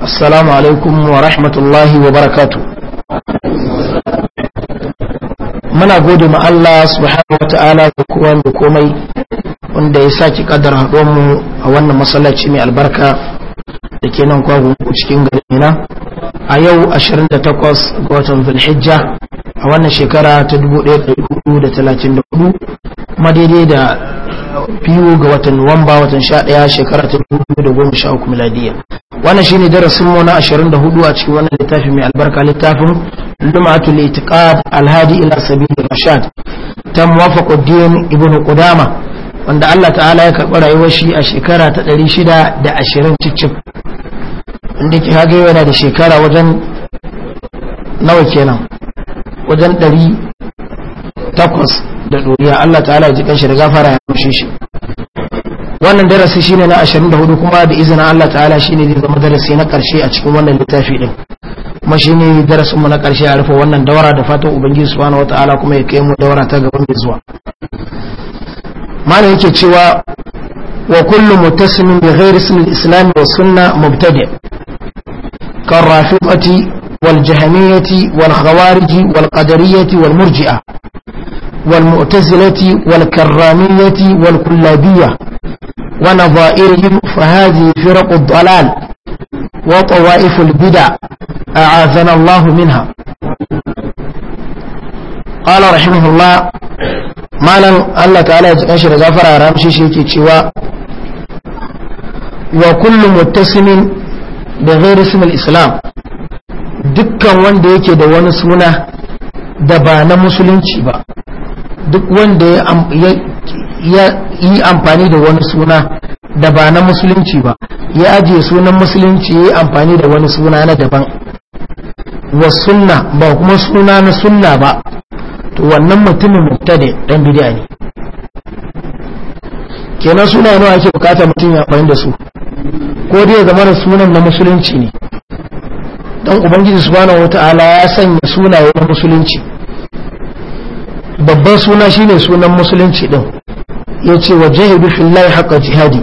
assalamu alaikum wa rahmatullahi wa barakatu muna gode ma Allah subhanahu wa ta'ala da kowa da komai wanda ya saki kadar mu a wannan masallaci mai albarka da ke nan kwagun cikin garin a yau 28 ga watan zulhijja a wannan shekara ta 1434 ma daidai da biyu ga watan nuwamba watan sha ɗaya shekara ta dubu da goma sha uku miladiya wannan shine darasin mu na ashirin da hudu a cikin wannan littafi mai albarka littafin lumatul itiqad alhadi ila da rashad ta muwafaquddin ibn qudama wanda Allah ta'ala ya karɓi rayuwar shi a shekara ta ɗari shida da ashirin cicif inda ke hagaye yana da shekara wajen nawa kenan wajen ɗari takwas da doriya Allah ta'ala ya ji kanshi da gafara ya rushe shi wannan darasi shine na 24 kuma da izinin Allah ta'ala shine zai zama darasi na karshe a cikin wannan littafi din kuma shine darasin mu na karshe a rufe wannan daura da fatan ubangiji subhanahu wataala kuma ya kai mu daura ta gaban mai zuwa malam yake cewa wa kullu muttasimin bi ghairi ismi islam wa sunna mubtadi' khawariji wal والخوارج wal murji'a. والمؤتزلة والكرامية والكلابية ونظائرهم فهذه فرق الضلال وطوائف البدع أعاذنا الله منها قال رحمه الله malam Allah ta'ala ya shi da gafara ramshi shi yake cewa wa kullu muttasimin da ghairi ismil islam dukkan wanda yake da wani suna da ba na musulunci ba duk wanda ya yi amfani da wani suna da ba na musulunci ba ya ajiye sunan musulunci ya yi amfani da wani suna na daban wa sunna ba kuma suna na sunna ba to wannan mutumin da dan bid'a ne kenan suna nawa ake bukata mutum ya amfani da su ko dai zama da sunan na musulunci ne dan ubangiji subhanahu wataala ya sanya sunaye na musulunci babban suna shine sunan musulunci din yace wajahidu fillahi haqqa jihadi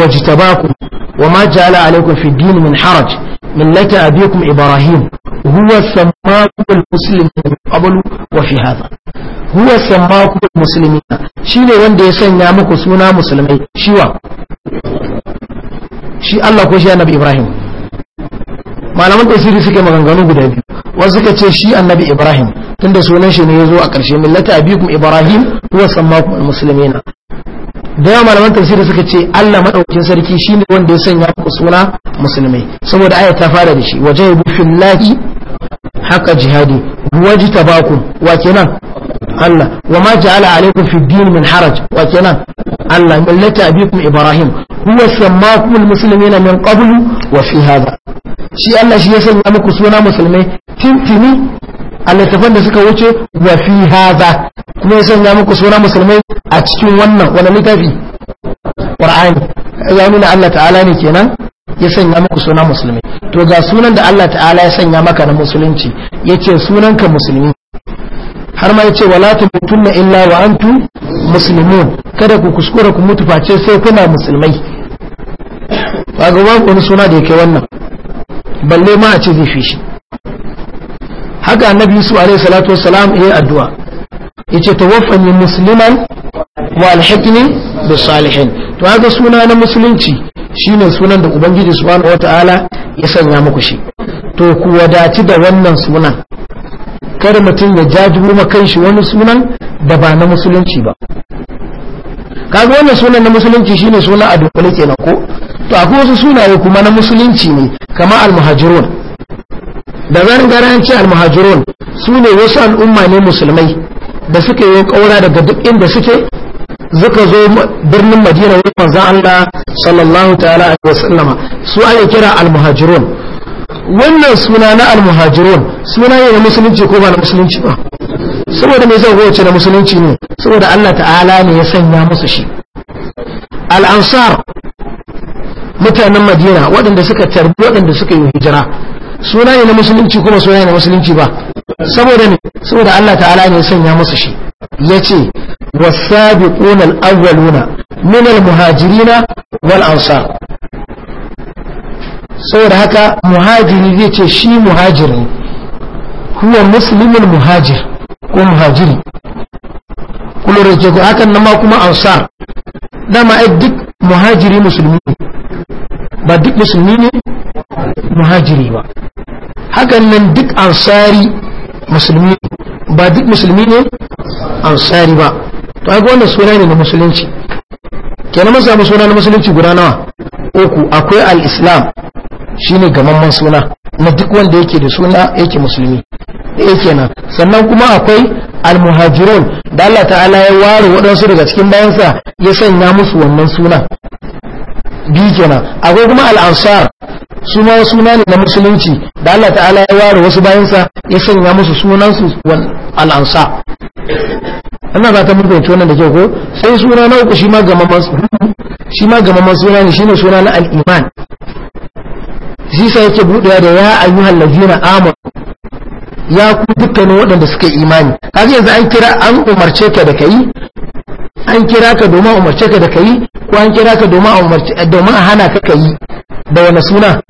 wajtabakum wama ja'ala alaykum fi din min haraj millati abikum ibrahim huwa sammakum almuslimin qablu wa fi hadha huwa sammakum almuslimin shine wanda ya sanya muku suna musulmai shiwa shi Allah ko shi annabi ibrahim malaman tasiri suke maganganu guda biyu wasu suka ce shi annabi ibrahim tunda sunan shi ne ya zo a ƙarshe millata abikum ibrahim huwa sammakum almuslimina da yawa malaman tafsiri suka ce Allah madaukakin sarki shine wanda ya sanya ku suna musulmai saboda aya ta fara da shi waje yabu fillahi haka jihadi wajtabakum wa kenan Allah wa ma ja'ala alaikum fi din min haraj wa nan Allah millata abikum Ibrahim huwa sammakum almuslimina min qablu wa fi hadha shi Allah shi ya sanya muku suna musulmai tintini a littafan da suka wuce wa fi hadha kuma ya sanya muku suna musulmai a cikin wannan wani littafi Qur'ani ya nuna Allah ta'ala ne kenan ya sanya muku suna musulmi to ga sunan da Allah ta'ala ya sanya maka na musulunci yace sunanka musulmi har ma yace wala mutunna illa wa antum muslimun kada ku kuskura ku mutu face sai kuna musulmai ba ga babu suna da yake wannan balle ma a ce zai fi shi haka annabi su alaihi salatu wassalam yayi addu'a yace tawaffani musliman wa alhiqni bis salihin to haka suna na musulunci shine sunan da ubangiji subhanahu wataala ya sanya muku shi to ku wadaci da wannan sunan kar mutum ya jajiru ma shi wani sunan da ba na musulunci ba kaga wannan sunan na musulunci shine sunan a kenan ko to akwai wasu sunaye kuma na musulunci ne kamar almuhajirun da zan ce almuhajirun su wasu al'umma ne musulmai da suka yi kaura daga duk inda suke zuka zo birnin madina wurin manzon Allah sallallahu ta'ala alaihi wasallama su ake kira almuhajirun wannan suna na almuhajirun suna ne na musulunci ko ba na musulunci ba saboda mai zai wuce na musulunci ne saboda Allah ta'ala ne ya sanya musu shi al'ansar mutanen madina waɗanda suka tarbi waɗanda suka yi hijira suna ne na musulunci kuma suna ne na musulunci ba saboda ne saboda Allah ta'ala ne ya sanya musu shi ya ce wasabiquna al-awwaluna min al-muhajirina wal ansar saboda haka muhajiri zai ce shi muhajiri huwa muslimin muhajir ko muhajiri kullum da ko hakan nan ma kuma ansar dama ai duk muhajiri musulmi ne ba duk musulmi ne muhajiri ba hakan nan duk ansari musulmi ne ba duk musulmi ne ansari ba to ai wannan suna ne na musulunci kenan masa samu suna na musulunci guda nawa uku akwai al-islam shine gamamman suna na duk wanda yake da suna yake musulmi ɗaya eh kenan sannan kuma akwai almuhajirun da Allah ta'ala ya ware waɗansu daga cikin bayansa ya sanya musu wannan suna biyu kenan akwai kuma al'ansar su ma suna ne na musulunci da Allah ta'ala ya ware wasu bayansa ya sanya musu sunansu al'ansa ana ba ta ce wannan da ke ko sai suna na uku shi ma gamaman suna ne shine suna na al'iman shi yake buɗewa da ya ayyuhal ladzina amanu ya ku dukkanin waɗanda suka imani kaga yanzu an kira an umarce ka da kai an kira ka domin umarce ka da kai ko an kira ka domin a umarce domin a hana ka kai da wani suna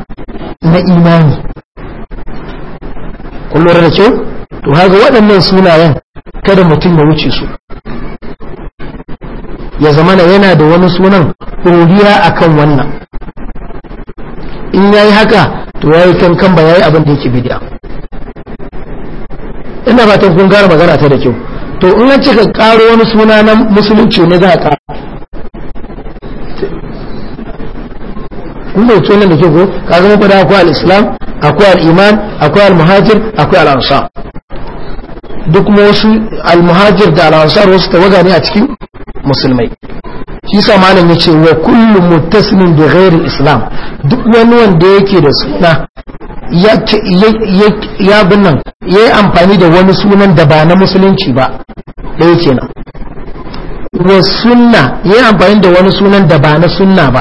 na imani kun da kyau to haga waɗannan sunayen kada mutum ya wuce su ya zamana yana da wani sunan ɗoriya akan wannan in yayi haka to yayi kankan ba yayi abin da yake bid'a ina fatan kun gara magana ta da kyau to in an cika karo wani suna na musulunci ne za ka kun bauce nan da ke ko ka zama da akwai al-islam akwai al-iman akwai al-muhajir akwai al-ansar duk kuma wasu al-muhajir da al-ansar wasu tawaga ne a cikin musulmai shi sa ya yace wa kullu muttasimin bi ghairi islam duk wani wanda yake da suna ya binnan ya yi amfani da wani sunan da ba na musulunci ba ɗaya kenan wa sunna ya yi amfani da wani sunan da ba na sunna ba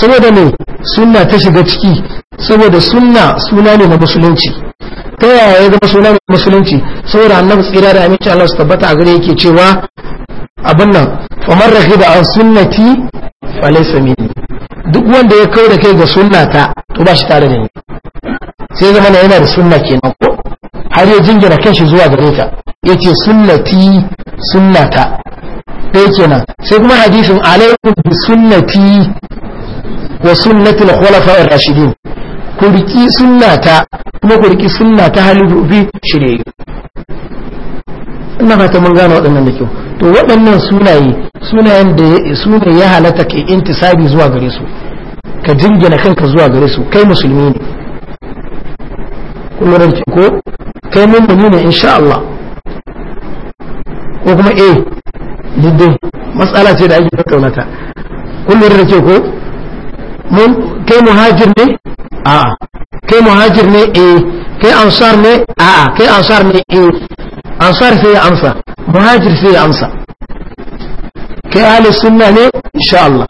saboda ne sunna ta shiga ciki saboda sunna suna ne na musulunci ta yaya ya zama suna ne na musulunci saboda annabi tsira da aminci Allah su tabbata a gare yake cewa abin nan famar rake da an sunnati falaisa mini duk wanda ya kawo da kai ga sunnata to ba shi tare da ni sai zama na yana da sunna kenan ko har ya jingina kanshi zuwa gare ta ya ce sunnati sunnata ɗaya kenan sai kuma hadisin alaikum bi sunnati wa sunnati al-khulafa'ir rashidin ku riki sunnata kuma ku riki sunnata halibu bi shirye ina fata mun gane waɗannan da kyau to waɗannan sunaye sunayen da su ne ya halatta ka intisabi zuwa gare su ka jingina kanka zuwa gare su kai musulmi ne kuma rance ko kai mummuni ne insha Allah ko kuma eh diddin matsala ce da ake tattaunata kullum da ke ko mun kai muhajir ne a'a kai muhajir ne eh kai ansar ne a'a kai ansar ne eh ansar sai ya amsa muhajir sai ya amsa kai ahli sunna ne insha Allah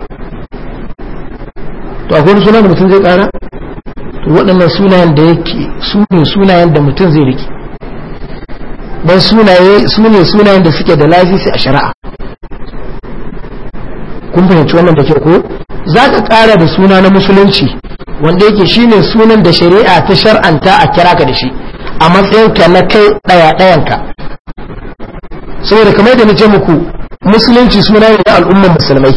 to akwai sunan da mutum zai kara to waɗannan sunayen da yake su ne sunayen da mutum zai riki don sunaye su ne sunayen da suke da lafisi a shari'a kun fahimci wannan da ke ko za ka kara da suna na musulunci wanda yake shine sunan da shari'a ta shar'anta a kira ka da shi a matsayinka na kai ɗaya ɗayanka saboda kamar da nace muku musulunci suna ne al'ummar musulmai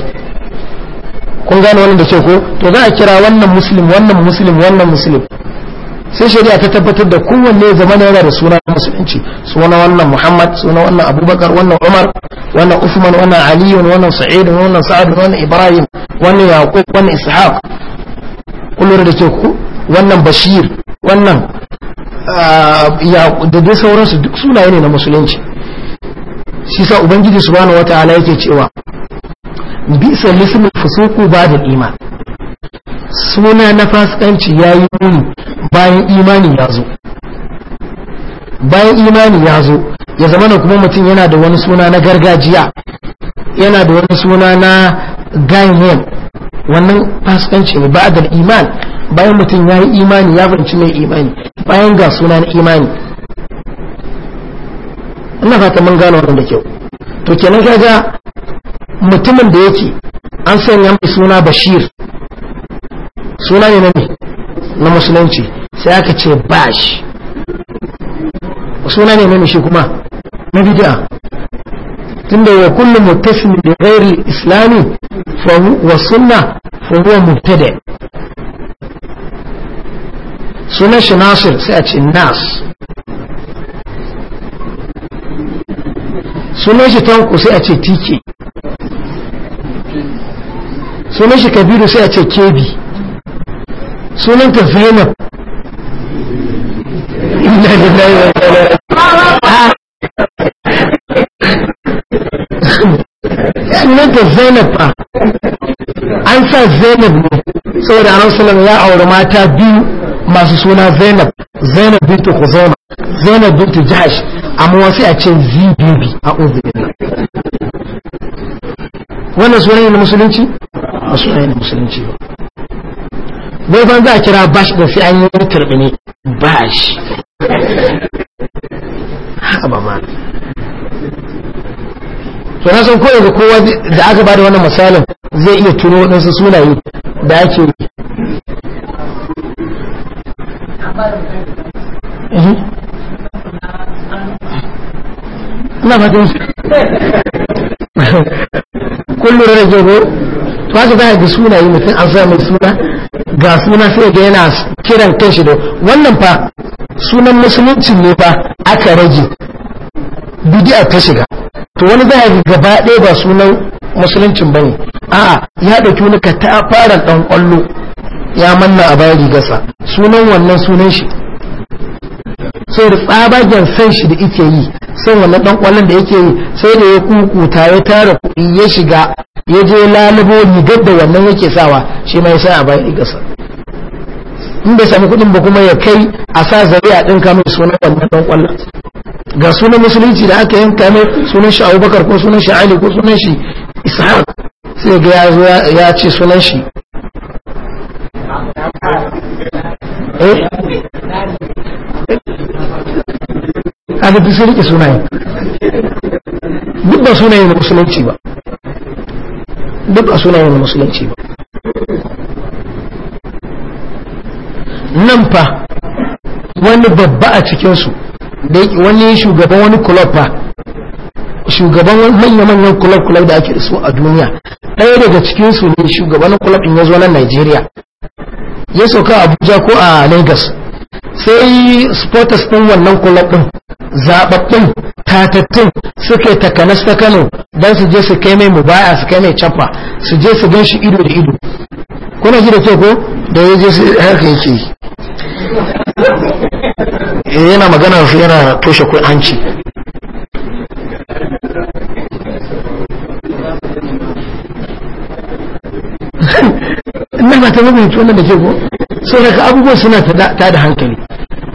kun gane wannan da ke ko to za a kira wannan muslim wannan muslim wannan muslim sai shari'a ta tabbatar da kowanne zama yana da suna musulunci suna wannan muhammad suna wannan abubakar wannan umar wannan usman wannan aliyun wannan sa'id wannan sa'ad wannan ibrahim wannan yaqub wannan ishaq kullum da ke ku wannan bashir wannan ah, ya da dai sauransu duk sunaye ne na musulunci shi sa ubangiji subhanahu wataala yake cewa bisa lismul fusuku ba da iman suna na fasikanci yayi muni bayan imani ya zo bayan imani ya zo ya zama da kuma mutum yana da wani suna na gargajiya yana da wani suna na ganyen wannan fasikanci ne ba da iman bayan mutum yayi yi imani ya fahimci mai imani bayan ga suna na imani ina fata mun gano wannan da kyau to kenan kaga mutumin da yake an sanya mai suna bashir suna ne ne na musulunci sai aka ce bash suna ne ne shi kuma na bid'a tunda wa kullu muttasim bi ghairi islami fa wa sunna fa huwa mubtada sunan shi nasir sai a ce nas sunan shi tanko sai a ce tike sunan shi kabiru sai a ce kebi sunan ta zainab sunan ta zainab ba an sa zainab ne saboda an ya aure mata biyu masu suna zainab zainab bintu khuzaima zainab bintu jahash amma wasu a ce zbb a uzbekistan wannan sunan na musulunci ba sunan na musulunci ba wai ban za a kira bash da sai an yi wani turbi ne bash Haba ma to na san kowa da kowa da aka bada wannan misalin zai iya tuno waɗansu sunaye da ake ina kullum da jago to haka za ga sunayi mutum an sami suna ga suna sai ga yana kiran kanshi da wannan fa sunan musulunci ne fa aka rage a ta shiga to wani za a gaba ɗaya ba sunan musuluncin ba ne a'a ya ɗauki wani ka ta fara ɗan ƙwallo ya manna a bayan rigarsa sunan wannan sunan shi sai da tsabagen san shi da ike yi sai wannan dan kwallon da yake yi sai da ya kukuta ya tara kuɗi ya shiga ya je lalubo rigar da wannan yake sawa shi ma ya sa a bayan rigarsa in bai sami kuɗin ba kuma ya kai a sa zare a ɗinka mai sunan wannan dan kwallon ga sunan musulunci da aka yanka mai sunan shi abubakar ko sunan shi ali ko sunan shi ishaq sai ga ya ce sunan shi eh kaga duk sun rike sunayen duk ba sunayen musulunci ba duk ba sunayen musulunci ba nan fa wani babba a cikinsu da wani shugaban wani kulob fa shugaban manya-manyan kulob-kulob da ake da su a duniya ɗaya daga cikinsu ne shugaban kulob in ya zo nan nigeria ya sauka a abuja ko a lagos sai sporters ɗin wannan club ɗin zaɓaɓɓun tatattun suke yi takanas ta kano don su je su kai mai mubaya su kai mai cappa su je su gan shi ido da ido kuna ji da ke ko da ya je su haka yake yi eh, yana magana su yana toshe kai hanci ina ba ta mabiyanci wannan da ke ko sai daga abubuwan suna ta da hankali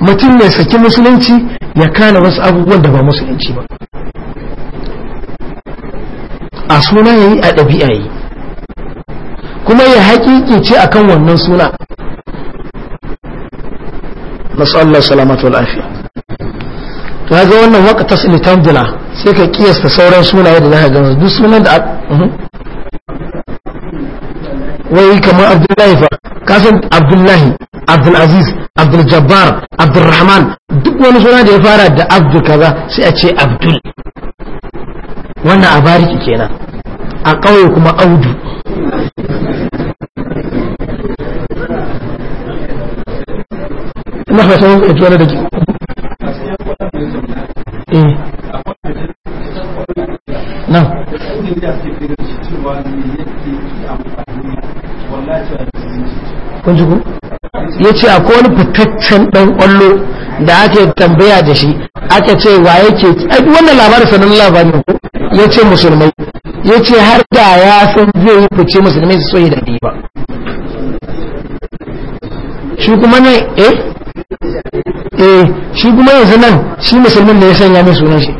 mutum mai saki musulunci ya kana wasu abubuwan da ba musulunci ba a suna yayi a ɗabi'a yi kuma ya haƙiƙi ce akan wannan suna nasu Allah salamatu lafiya to ga wannan waka tasiri tambula sai ka kiyasta sauran sunaye da za ka gama duk sunan da aka. Mhm. wai kamar abdullahi fa kasan abdullahi abdulaziz Abdulljabbar abdulrahman duk wani suna da ya fara da abdul kaza sai a ce abdul wannan a bariki kenan a ƙauye kuma audu na fasa wani ƙwaƙi wani da ke eh ya ce akwai wani fitaccen ɗan ƙwallo da ake tambaya da shi aka ce wa yake wannan labarin sanin labarin ku ya ce musulmai ya ce har da ya san zai yi fice musulmai su soyi da ni ba shi kuma ne eh eh shi kuma yanzu nan shi musulmin ne ya sanya mai sunan shi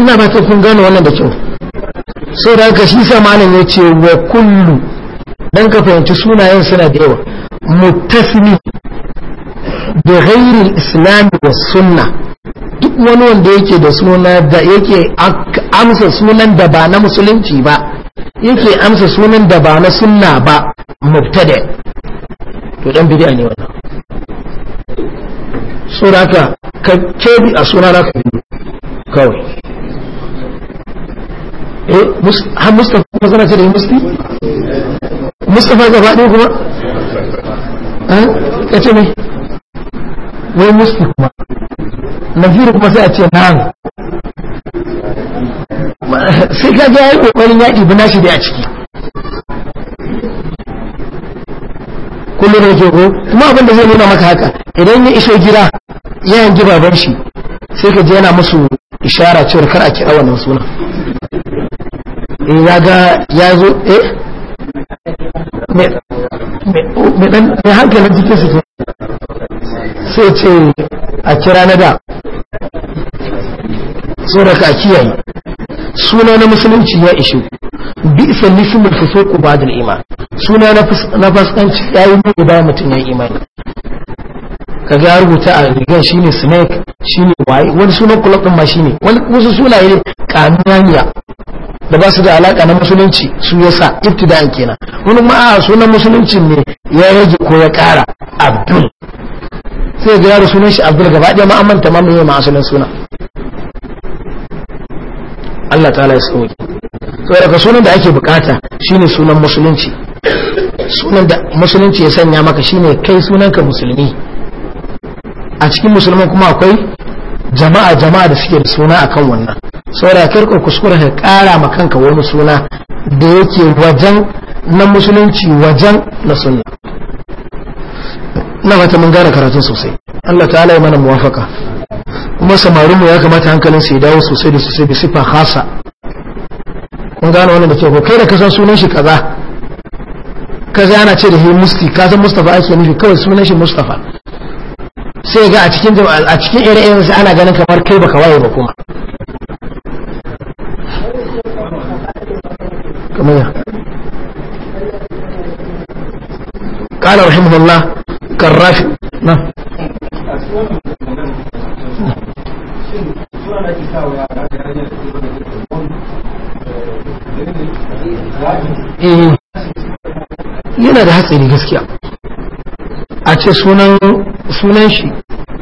ina ba ta kun gane wannan da kyau sai da haka shi sa malam ya ce wa kullu don ka fahimci sunayen suna da yawa mutasmi da ghairil islami da sunna duk wani wanda yake da suna da yake amsa sunan da ba na musulunci ba yake amsa sunan da ba na sunna ba mubtada to dan bid'a ne wannan saboda haka ka kebi a suna na kawai eh har mustafa zama ce da yi musti mustafa gaba ɗaya kuma eh, ka ce mai wai musti kuma naziru kuma sai a ce na'am sai ka ga ya yi ƙoƙarin yaƙi bi shi da a ciki kullum da ke ko kuma abin da zai nuna maka haka idan ya iso gida ya yanki baban shi sai ka je yana musu ishara cewar kar a kira wannan sunan eh ya ga ya zo eh mai oh, hankalin jikin su sai ce a kira na da tsoraka a kiyaye suna na musulunci ya ishe bi isa nisimul ku ba da iman suna na fasikanci ya yi mai ba mutum ya imani ka ga rubuta a rigar shine snake shine waye wani sunan kulakun ma shine wani wasu sunaye kanuniya da ba su da alaka na musulunci su ya da ibtida'in kenan wani ma a sunan musulunci ne ya rage ko ya kara abdul sai ga yaro sunan shi abdul gaba ɗaya ma'amman ta manta ma mai ma asalin suna Allah ta'ala ya sauke saboda sunan da ake bukata shine sunan musulunci sunan da musulunci ya sanya maka shine kai sunanka musulmi a cikin musulman kuma akwai jama'a jama'a da suke da suna akan wannan saboda ka kuskura ka kara ma kanka wani suna da yake wajen na musulunci wajen na sunna na fata mun gane karatun sosai Allah ta'ala ya mana muwafaka kuma samarin mu ya kamata hankalin su ya dawo sosai da sosai da sifa khasa kun gane wannan da ke ko kai da kasan sunan shi kaza kaza yana ce da hi musti kasan mustafa ake nufi kawai sunan shi mustafa sai ga a cikin a cikin ire-iren ana ganin kamar kai baka waye ba kuma kamar ya qala rahimahullah karrafi na eh, yana da hatsari gaskiya a ce sunan shi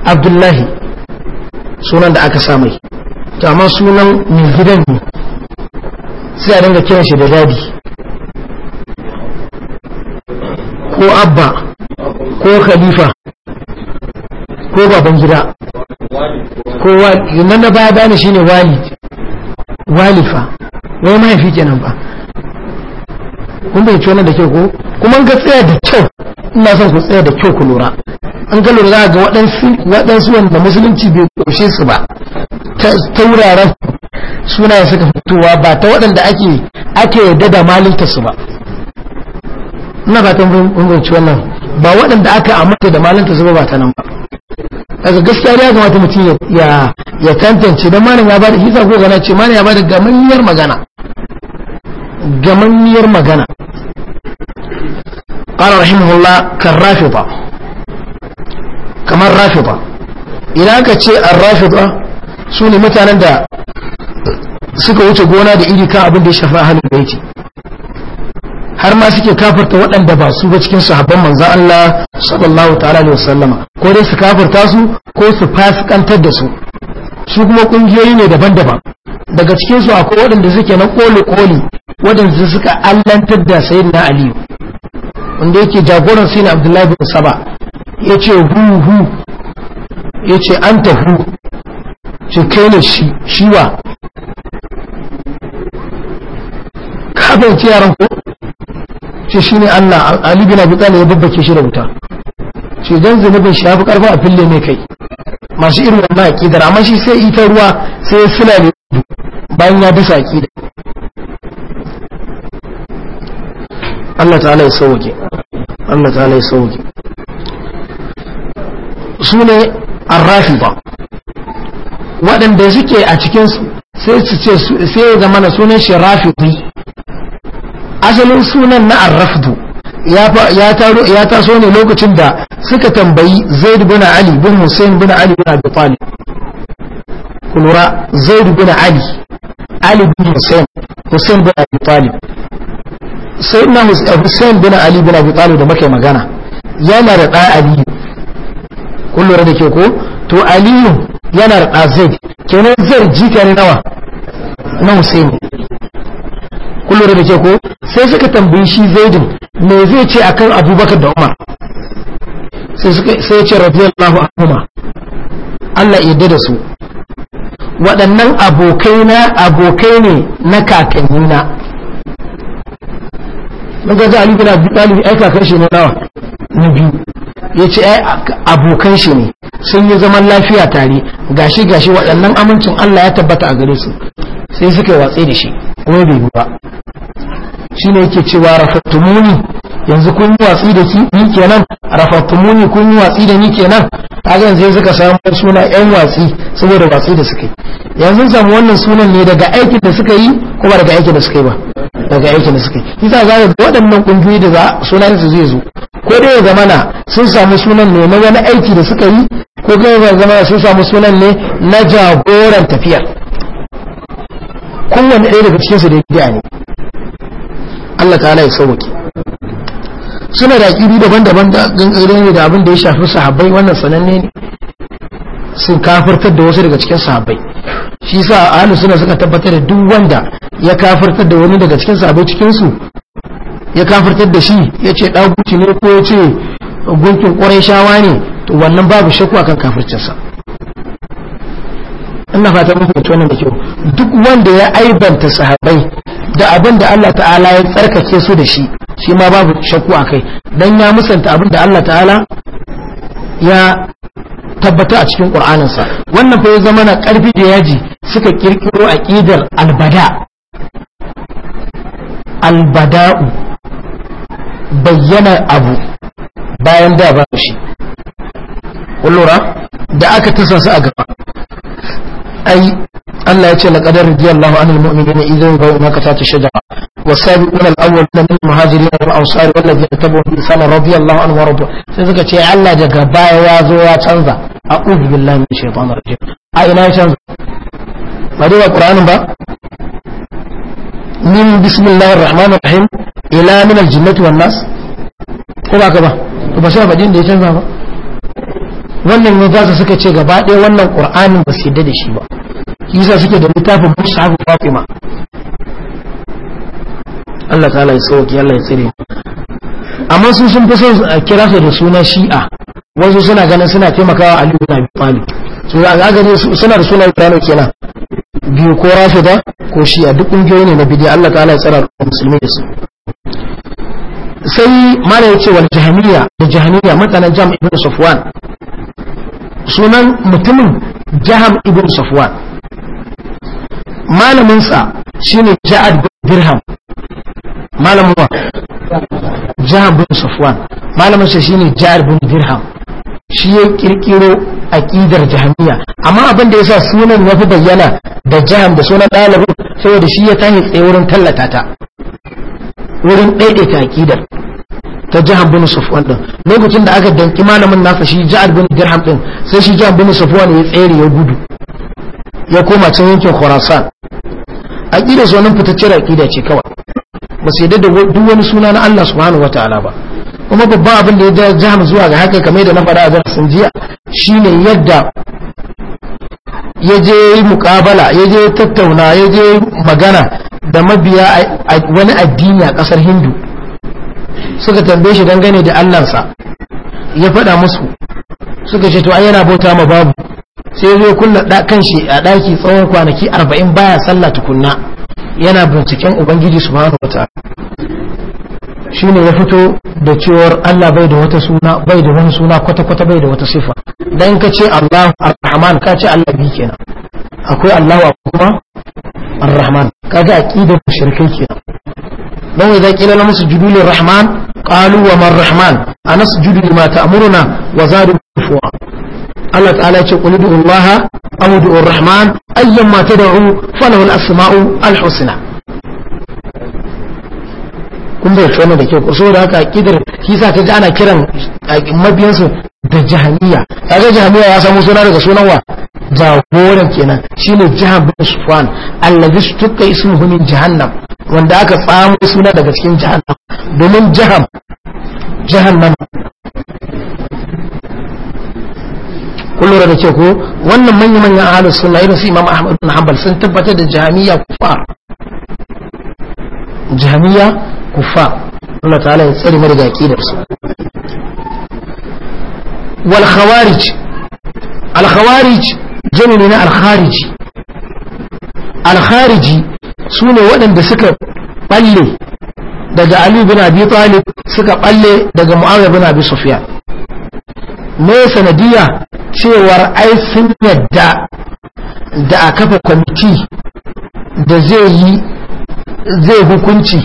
abdullahi sunan da aka samai to amma sunan mai gidan ne sai a dinga kiran shi da dadi ko abba ko khalifa ko baban gida ko nan na baya bani shine wali walifa wai mahaifi kenan ba kun bai ci wannan da ke ko kuma ga tsaya da kyau ina son ku tsaya da kyau ku lura an ga lura ga waɗansu wanda musulunci bai ƙoshe su ba ta wuraren ya suka fitowa ba ta waɗanda ake ake yadda da malinta su ba ina ba ta bambanci wannan ba waɗanda aka amince da malinta su ba ba ta nan ba daga gaskiya ya kamata mutum ya ya tantance don malam ya ba da hisa ko gana ce malam ya ba da gamanniyar magana magana قال رحمه الله كالرافضة كما الرافضة إذا كتشي الرافضة سوني متى نندى suka wuce gona da iri kan abin da ya shafa halin har ma suke kafarta waɗanda ba su ba cikin sahabban manzo Allah sallallahu ta'ala alaihi wasallama ko dai su kafarta su ko su fasikantar da su su kuma kungiyoyi ne daban-daban daga cikin su akwai waɗanda suke na koli koli waɗanda suka allantar da sayyidina Aliyu wanda yake jagoran sai ne abdullahi bin saba ya ce hu ya ce an ta hu ce kai ne shiwa kafin ce yaran ko ce shi ne allah na bin abu ya babbake shi da wuta ce zan zunubin shi ya fi karfa a fille mai kai masu irin wannan aƙidar amma shi sai ita ruwa sai suna ne bayan ya bisa aƙidar Allah ta'ala ya sauke Allah ta'ala ya sauke su ne ba waɗanda suke a cikinsu sai su ce sai ya zama na sunan shi rafidi asalin sunan na arrafdu ya taso ne lokacin da suka tambayi zaid bin ali bin hussein bin ali bin abi talib kulura zaid bin ali ali bin hussein hussein bin abi talib sai na uh, hussein bin ali bin abi talib da muke magana yana da ɗa aliyu kun da ke ko to aliyu yana da ɗa zaid kenan zaid jika ne nawa na hussein kun da ke ko sai suka tambayi shi zaidin me zai ce akan abubakar da umar sai suka sai ce radiyallahu anhuma Allah ya da su waɗannan abokai na abokai ne na kakanni na na gaza ali bin abu ɗalibi ai kakan shi ne nawa na biyu ya ce ai abokan shi ne sun yi zaman lafiya tare gashi gashi waɗannan amincin Allah ya tabbata a gare su sai suka yi watsi da shi kuma bai yi ba shi ne yake cewa rafattumuni yanzu kun yi watsi da ni kenan muni kun yi watsi da ni kenan kaga yanzu suka samu suna yan watsi saboda watsi da suka yi yanzu samu wannan sunan ne daga aikin da suka yi kuma daga aikin da suka yi ba daga aikin da suka yi yasa za ga waɗannan kungiyoyi da sunan su zai zo ko dai ya zamana sun samu sunan ne na wani aiki da suka yi ko kai ya zamana sun samu sunan ne na jagoran tafiyar kowanne ɗaya daga cikin su da ne Allah ta'ala ya sauke suna da aƙidu daban-daban da gangare da abin da ya shafi sahabbai wannan sananne ne sun kafirtar da wasu daga cikin sahabbai shi sa ahlu suna suka tabbatar da duk wanda ya kafirtar da wani daga cikin sahabbai cikinsu. su ya kafirtar da shi ya ce ɗaguci ne ko ya ce gunkin ƙwarai shawa ne to wannan babu shakku akan kafircinsa ina fata mun fahimci wannan da kyau duk wanda ya aibanta sahabbai da abin da Allah ta'ala ya tsarkake su da shi shi ma babu shakku a kai dan ya musanta abin da Allah ta'ala ya tabbata a cikin ƙur'aninsa wannan fa ya zama na karfi da yaji suka kirkiro aƙidar albada albada'u bayyana abu bayan da ba shi kullura da aka tasa su a gaba ai Allah ya ce na kadar radiyallahu anhu almu'minina idan ba ma ka fata shida wa sabiqun alawwal min almuhajirin wal ansar wal ladzina tabu bi sana radiyallahu anhu warda sai suka ce Allah daga baya ya zo ya canza a'udhu billahi min shaytanir rajim a ina ya canza bari wa qur'anin ba min bismillahir rahmanir rahim ila min aljinnati wan nas ko ba ka ba to ba sai ba da ya canza ba wannan ne za su suka ce gaba ɗaya wannan ƙur'anin ba su yadda da shi ba sa suke da littafin mushafu fatima Allah ta'ala ya tsawoki Allah ya tsire amma su sun fi son a kira su da suna shi'a wasu suna ganin suna taimakawa Ali ibn Abi Talib a ga gani suna da suna Ibrahim kenan biyu ko Rafida ko shi'a duk kungiyoyi ne na bidiya Allah ta'ala ya tsara musulmi da su sai mala yace wal jahmiya da jahmiya mutanen Jam ibn Safwan sunan mutumin jaham ibn safwan malaminsa shine ja'ad dirham malamin wa jihar bin safwan malaminsa shine jihar bin dirham shi ya kirkiro aqidar jahamiya amma abin da sa sunan ya fi bayyana da jihar da sunan ɗalibin saboda shi ya tahi tsaye wurin tallata ta wurin daidaita aqidar ta jihar bin sufwan din lokacin da aka danki malamin nasa shi jihar bin dirham din sai shi jihar bin sufwan ya tsere ya gudu ya koma can yankin khurasan aqida nan fitaccen aqida ce kawai ba sai da duk wani suna na Allah subhanahu wataala ba kuma babban abin da ya ja jihar zuwa ga haka kamar da na faɗa a darasin jiya shine yadda ya je mukabala ya je tattauna ya je magana da mabiya wani addini a ƙasar hindu suka tambaye shi dangane da allansa ya faɗa musu suka ce to ai yana bauta ma babu sai zai kulla kan shi a ɗaki tsawon kwanaki arba'in baya sallah tukunna yana binciken ubangiji subhanahu wataala shine ya fito da cewar Allah bai da wata suna bai da wani suna kwata-kwata bai da wata sifa dan ka ce Allahu ar-Rahman ka ce Allah bi kenan akwai Allah wa kuma ar-Rahman kaga aqidar shirkai kenan dan wai zaki lana musu judulur rahman qalu wa man rahman anasjudu lima ta'muruna wa zadu nufura Allah ta'ala ce qul du'u Allah aw du'u rahman da tad'u falahu al-asma'u al-husna kun bai tsoma da kyau so da haka kidar kisa ta ji ana kiran mabiyansu da jahaniya kaga jahaniya ya samu suna daga sunan wa jagoran kenan shine jihar bin sufwan allazi stukka ismuhu min jahannam wanda aka tsamo suna daga cikin jahannam domin jihar jahannam kun da ke ko wannan manya manyan ahlus sunna irin su imam ahmad bin hanbal sun tabbatar da jahamiya kufa jahamiya kufa Allah ta'ala ya tsare mara gaki da su wal khawarij al khawarij jami'i na alkhariji alkhariji su ne waɗanda suka ɓalle daga ali bin abi talib suka ɓalle daga mu'awiyar bin abi sufiya me sanadiyya cewar ai sun yadda da a kafa kwamiti da zai yi zai hukunci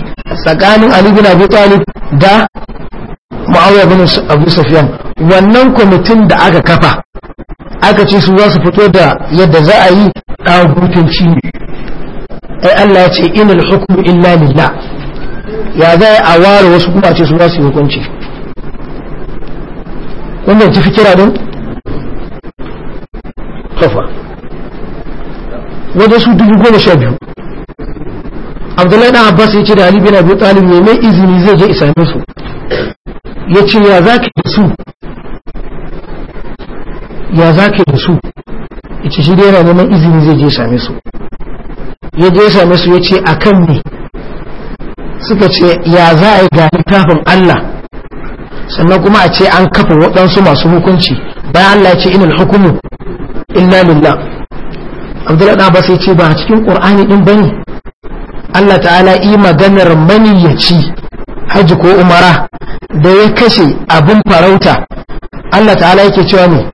tsakanin ali bin abi talib da mu'awiyar bin abi sufiyan wannan kwamitin da aka kafa aka ce su za su fito da yadda za a yi ɗagutanci ne ai Allah ya ce inal hukumu illa lillah ya za a ware wasu kuma ce su za su yi hukunci wannan ci fikira don kafa wajen su dubu goma sha biyu abdullahi dan abbas ya ce da alibi na biyu talib ne mai izini zai je isa su ya ce ya za ka su ya za ka da su ita shi dai yana neman izini zai je same su ya je same su ya ce a ne suka ce ya za a yi ga littafin Allah sannan kuma a ce an kafa waɗansu masu hukunci bayan Allah ya ce inal hukumu illa lillah abdullahi ɗan abbas ya ce ba cikin ƙur'ani ɗin bane Allah ta'ala yi maganar maniyyaci hajji ko umara da ya kashe abin farauta Allah ta'ala yake cewa ne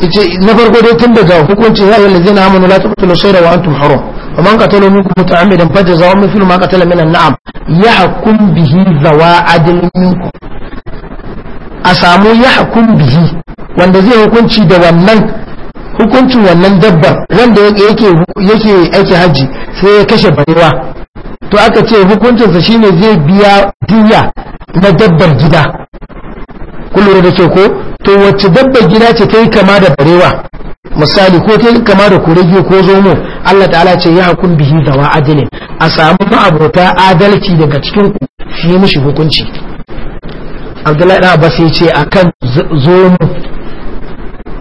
yace na farko dai tun daga hukuncin ya yalla zina amanu la taqtulu shayra wa antum hurum wa man qatala minkum muta'ammidan fajzaa'un mithlu ma qatala minan na'am yahkum bihi zawa adlin minkum a samu yahkum bihi wanda zai hukunci da wannan hukuncin wannan dabbar wanda yake yake aiki haji sai ya kashe barewa to aka ce hukuncinsa shine zai biya diya na dabbar gida kullum da ke ko to wacce dabba gida ce ta yi kama da barewa misali ko ta yi kama da kurege ko zomo Allah ta'ala ce ya hakun bihi wa adalin a samu ma'abota adalci daga cikin ku shi mishi hukunci Abdullahi da Abbas ya ce akan zomo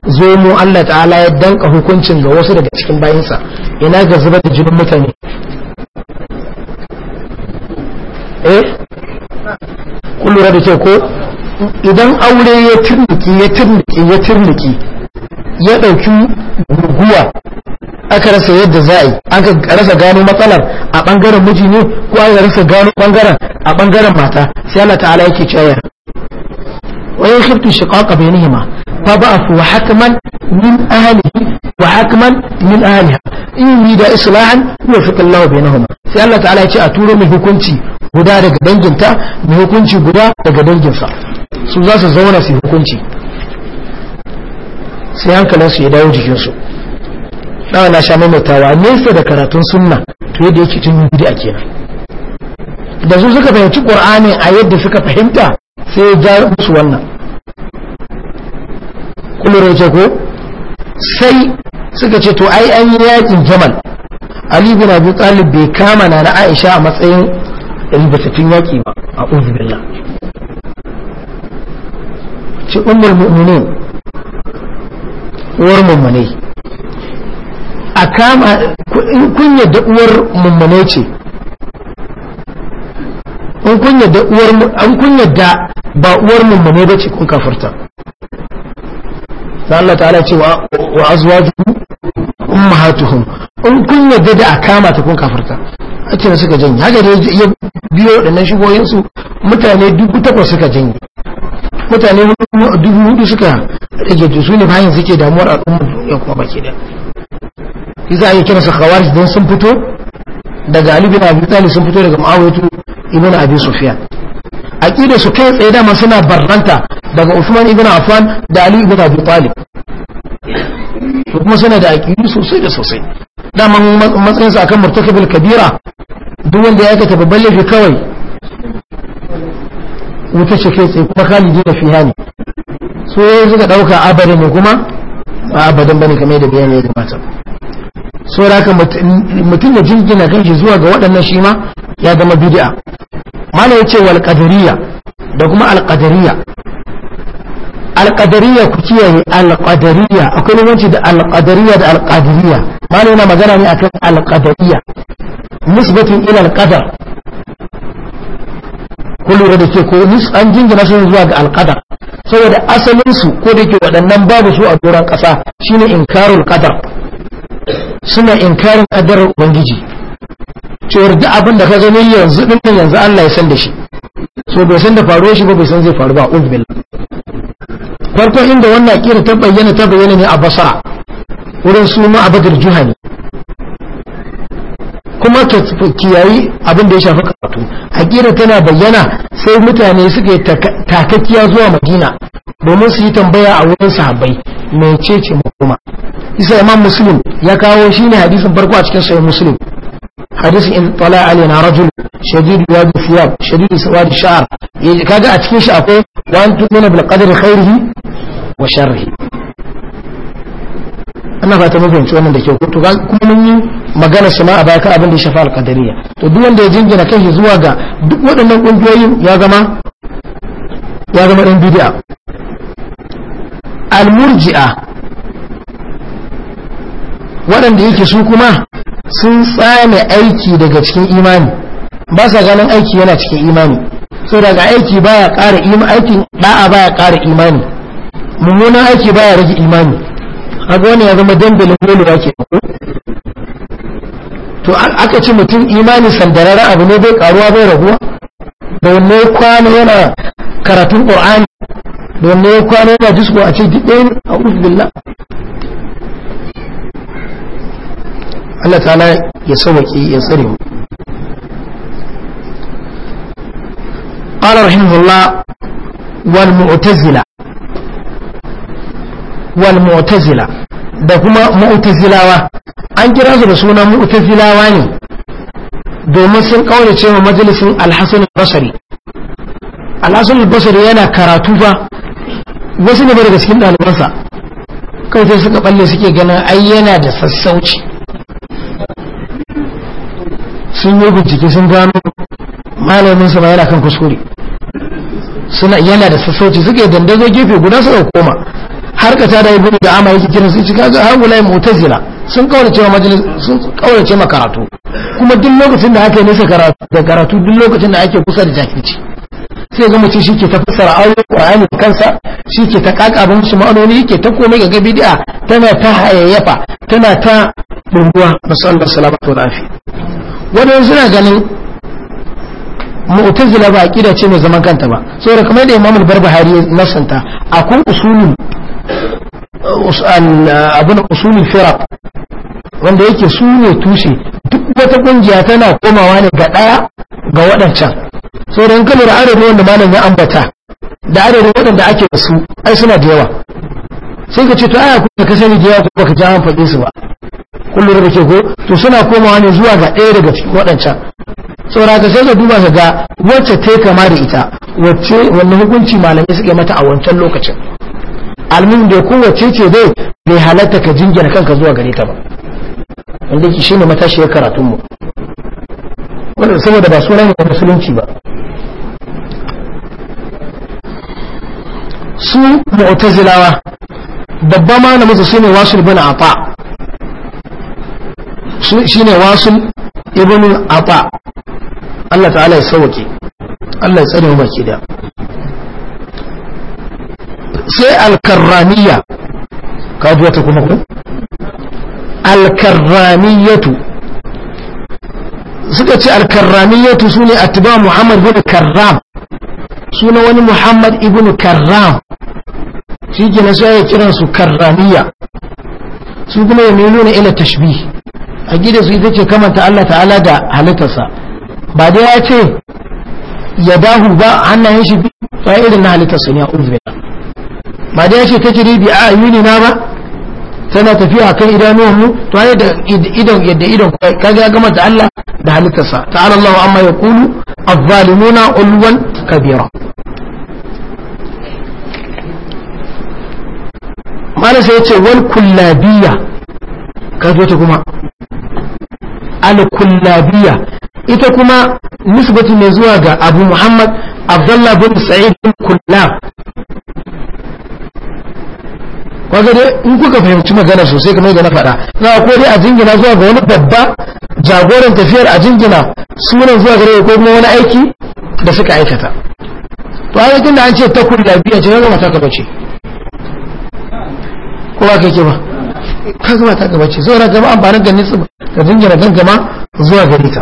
zomo Allah ta'ala ya danka hukuncin ga wasu daga cikin bayinsa ina ga zubar da jinin mutane eh kun lura da kyau ko idan aure ya turniki ya turniki ya turniki ya ɗauki guguwa aka rasa yadda za a yi an rasa gano matsalar a bangaren miji ne ko an rasa gano bangaren a bangaren mata sai Allah ta'ala yake cewa wa khiftu shiqaqa bainahuma fa ba'athu hakaman min ahlihi wa hakaman min ahliha in yida islahan yuwaffiq Allah bainahuma sai Allah ta'ala yake ce a turo mai hukunci guda daga danginta mai hukunci guda daga danginsa su za su zauna su hukunci sai su ya dawo jikinsu dawa na sha maimaitawa nesa da karatun sunna to yadda yake tun gudi a kenan da su suka fahimci qur'ani a yadda suka fahimta sai ya ja musu wannan kullum ko sai suka ce to ai an yi yakin jamal ali bin abu talib bai kama na na aisha a matsayin ilbatafin yaki ba a uzubillah shi ummul mu'minin uwar mummunai a kama kun yadda uwar mummunai ce an kunya da ba uwar mummunai ba ce kun kafirta Allah ta'ala ce wa azwaju ummahatuhum in kun yadda da a kama ta kun kafirta a ce suka janye haka da ya biyo waɗannan shigoyinsu mutane dubu takwas suka janye mutane dubu hudu suka rage su ne bayan suke damuwar al'ummar duniya kuma baki da yi ake su khawarij don sun fito daga ali bin abi talib sun fito daga muawiyatu ibn abi sufyan aqida su kai tsaye dama suna barranta daga usman ibn affan da ali ibn abi talib su kuma suna da aqidu sosai da sosai dama matsayin su akan murtakibul kabira duk wanda ya aikata babban laifi kawai wuta ce kai tsaye kuma khalidi da fiha ne so ya suka dauka abadin ne kuma ba abadan bane kamar da bayani ya gabata so da haka mutum ya jingina shi zuwa ga waɗannan shi ma ya zama bid'a mana yace wal alƙadariya da kuma al Alƙadariya al ku kiyaye al akwai lokaci da al da al qadariyya mana yana magana ne akan al qadariyya nisbatun ila al qadar Ku lura da ke ko an jingina su zuwa ga alƙadar saboda asalinsu ko da ke waɗannan babu su a doron ƙasa shine inkarul ƙadar suna inkarin ƙadarar ubangiji cewar duk abin da ka gani yanzu ɗin yanzu Allah ya san da shi so bai san da faruwa shi ba bai san zai faru ba uzbil farko inda wannan akira ta bayyana ta bayyana ne a basara wurin su ma abadar juhani kuma ka kiyayi abin da ya shafi karatu haƙira tana bayyana sai mutane suka yi takakiya zuwa madina domin su yi tambaya a wurin sahabbai ce kuma. isa imam muslim ya kawo shi ne hadisin farko a cikin sahih muslim Hadisi in tala alaina rajul shadid wadi siyab shadid sawad sha'r kaga a cikin shi akwai wa antu min bil qadri khairihi wa sharrihi ana fata mafinci wannan da ke to kuma mun yi magana su ma a baya abin da ya shafa alkadariya to duk wanda ya jingina kai zuwa ga duk waɗannan ƙungiyoyin ya gama ya zama ɗan bidiya almurji'a waɗanda yake su kuma sun tsame aiki daga cikin imani ba sa ganin aiki yana cikin imani so daga aiki baya ƙara imani aikin da'a baya ƙara imani mummunan aiki baya rage imani a ga wani ya zama dandalin lura ke ko to aka ci mutum imani sandararra abu ne bai karuwa bai raguwa da wanne ya kwana yana karatun ƙor'ani da wanne ya kwana yana disko a ce duk ne a billa Allah ta'ala ya sauwaƙi ya tsare mu قال رحمه الله والمعتزلة wal mu'tazila da kuma mu'tazilawa an kira su da suna mu'tazilawa ne domin sun kaure cewa majalisin al-hasan al-basri yana karatu ba wasu ne daga cikin ɗalibansa kawai sai suka balle suke ganin ai yana da sassauci sun yi bincike sun gano malamin sa ba yana kan kuskure suna yana da sassauci suke dandazo gefe guda suka koma har ka tada ibnu da ama yake kiran sai kaga haula mu'tazila sun kaurace ma majalis sun kaurace ma karatu kuma duk lokacin da ake nisa karatu da karatu duk lokacin da ake kusa da jahilci sai ga mutum shi ke ta fassara a Qur'ani kansa shi ke ta kakabin su ma'anoni yake ta komai ga bid'a tana ta hayayyafa tana ta dunguwa musallar salamatu da afi wadannan suna ganin mu'tazila ba a ce mai zaman kanta ba saboda kamar da imamul al-Barbahari nasanta akwai usulun Uh, abin usulin firak wanda yake su ne tushe duk wata kungiya tana komawa ne ga ɗaya ga waɗancan so don da arewa wanda malam ya ambata da arewa waɗanda ake da su ai suna da yawa sai ka ce to aya kuma ka sani da yawa kuma ka ji an faɗe su ba kullum da ke ko to suna komawa ne zuwa ga ɗaya daga cikin waɗancan saura ka sai ka duba ka ga wacce ta kama da ita wacce wannan hukunci malamai suke mata a wancan lokacin almin da kowace ce zai bai halatta ka jingina kanka zuwa gare ta ba wanda yake shine matashiyar karatun mu wanda saboda ba sunan ne musulunci ba su mu'tazilawa babban malamin su shine wasul bin ata shine wasul ibn afa Allah ta'ala ya sauke Allah ya tsare mu baki da sai alkarramiya ka wata kuma ku alkarramiyatu suka ce alkarramiyatu su ne atiba muhammad bin karram suna wani muhammad ibn karram shi gina su ya kiran su karramiya su kuma ya nuna ila tashbih a gida su ita ce kamanta allah ta'ala da halittarsa ba dai ya ce ya dahu ba hannayen shi ba irin na halittarsa ne a urbina ba da ya ce tajiri a yuni na ba tana tafiya kan idanuwan mu to ai da idan yadda idan kaga ya gama da Allah da halittarsa ta'ala Allah amma yaqulu az-zalimuna ulwan kabira mana sai yace wal kullabiya ka zo ta kuma al kullabiya ita kuma nisbatu ne zuwa ga Abu Muhammad Abdullah bin Sa'id bin Kullab wanda dai in kuka fahimci magana sosai kamar yadda na faɗa za ko dai a jingina zuwa ga wani babba jagoran tafiyar a jingina sunan zuwa gare ko kuma wani aiki da suka aikata to a yankin da an ce da lafiya ce kaga mata gaba ce ko ba kake ba kaga mata gaba ce saboda ba amfanin ganin su ka jingina gangama zuwa gare ta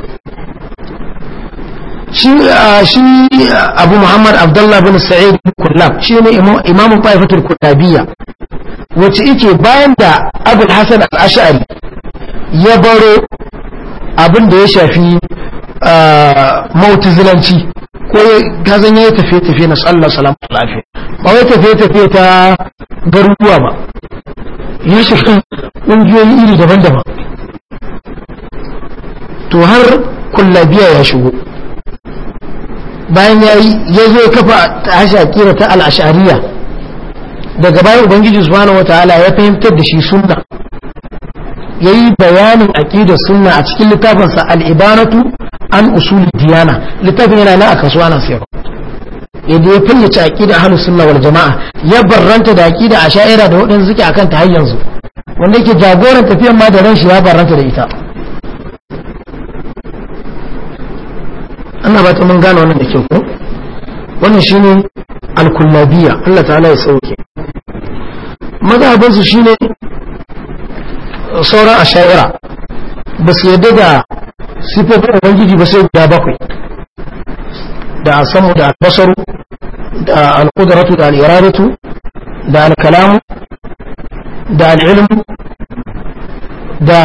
shi uh, uh, abu muhammad abdullah bin sa'id kullab shi ne imamun ƙwaifatar kullabiyya wacce ike bayan da abul hassan al'ashari ya baro abin da ya shafi uh, mautazilanci ko gazan ya yi tafiye-tafiye na sallar salamu lafiya ba wai tafiye-tafiye ta garuruwa ba ya shafi ƙungiyoyi iri daban-daban to har kullabiya ya shigo bayan ya yi ya zo kafa tashi kira ta al'ashariya daga bayan ubangiji subhanahu wataala ya fahimtar da shi sunna ya yi bayanin aqidar sunna a cikin littafinsa al'ibanatu an usul diyana littafin yana nan a kasuwa na yadda ya fayyace aqida ahlus sunna wal jamaa ya barranta da aqida asha'ira da wadansu suke akan ta har yanzu wanda yake jagoran tafiyan ma da ran shi ya barranta da ita ana ba ta mun gane wannan da kyau ko wannan shine al-kullabiya Allah ta'ala ya sauke mazhabin su shine sauran asha'ira ba su yadda da sifofin ubangiji ba sai guda bakwai da samu da albasaru da alqudratu da al-iradatu da al-kalamu da al da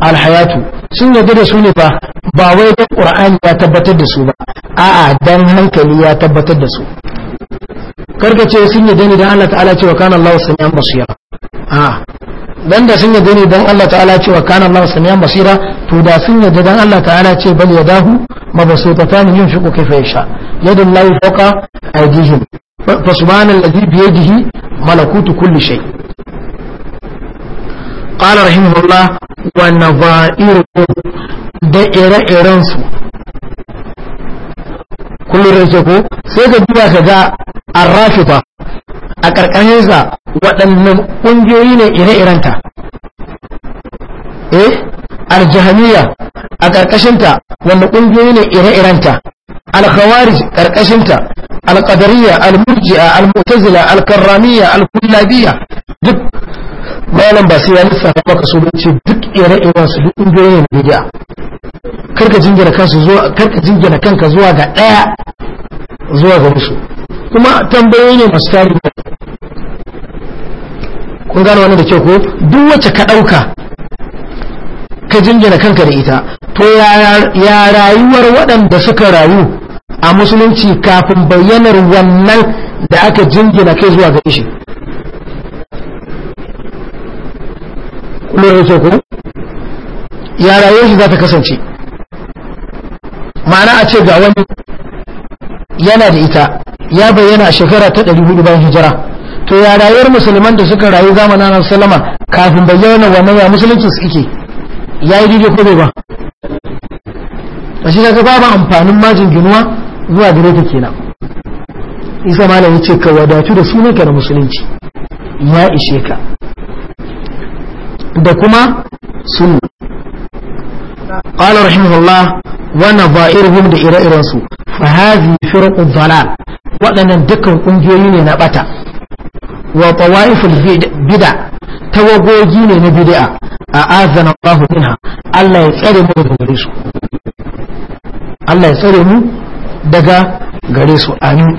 alhayatu sun yarda da su ne fa ba wai da qur'ani ya tabbatar da su ba a'a dan hankali ya tabbatar da su karka ce sun yarda ne dan Allah ta'ala cewa kana Allah samian basira a dan da sun yarda ne dan Allah ta'ala cewa kana Allah samian basira to da sun yarda dan Allah ta'ala ce bal yadahu mabsutatan yunfiqu kayfa yasha yadullahi fawqa aydihim fa subhanallazi bi yadihi malakutu kulli shay قال رحمه الله wa naza'iru da ire-iren kullum da ko sai ka duba ka ga arrafifa a ƙarƙashinsa waɗannan ƙungiyoyi ne ire-irenta eh a ƙarƙashinta wanda ƙungiyoyi ne ire-irenta alkhawarij ƙarƙashinta alƙadariya almurji'a almutazila alkarramiya alkullabiya duk malam ba sai ya lissafa maka su don ce duk ire-iren su duk ƙungiyoyin bidiya karka jingina kansu zuwa karka jingina kanka zuwa ga ɗaya zuwa ga musu kuma tambayoyi ne masu tari kun gano wani da kyau ko duk wacce ka ɗauka ka jingina kanka da ita to ya rayuwar waɗanda suka rayu a musulunci kafin bayyanar wannan da aka jingina kai zuwa ga shi kullum ya ku ya rayuwar shi za ta kasance ma'ana a ce ga wani yana da ita ya bayyana a shekara ta 400 bayan hijira to ya rayuwar musulman da suka rayu zamanin annabi salama kafin bayyana wannan ya musulunci su ike yayi daidai ko bai ba shi kaga babu amfanin majin ginuwa zuwa gare ta kenan isa malam ya ce ka wadatu da sunanka da na musulunci ya ishe ka da kuma sunna qala rahimahullah wa nadha'iruhum da ire-iren su fa hadhi firqu dhalal waɗannan dukkan kungiyoyi ne na bata wa tawaiful bid'a tawagogi ne na bid'a a azana Allah minha Allah ya tsare mu daga gare su Allah ya tsare mu daga gare su amin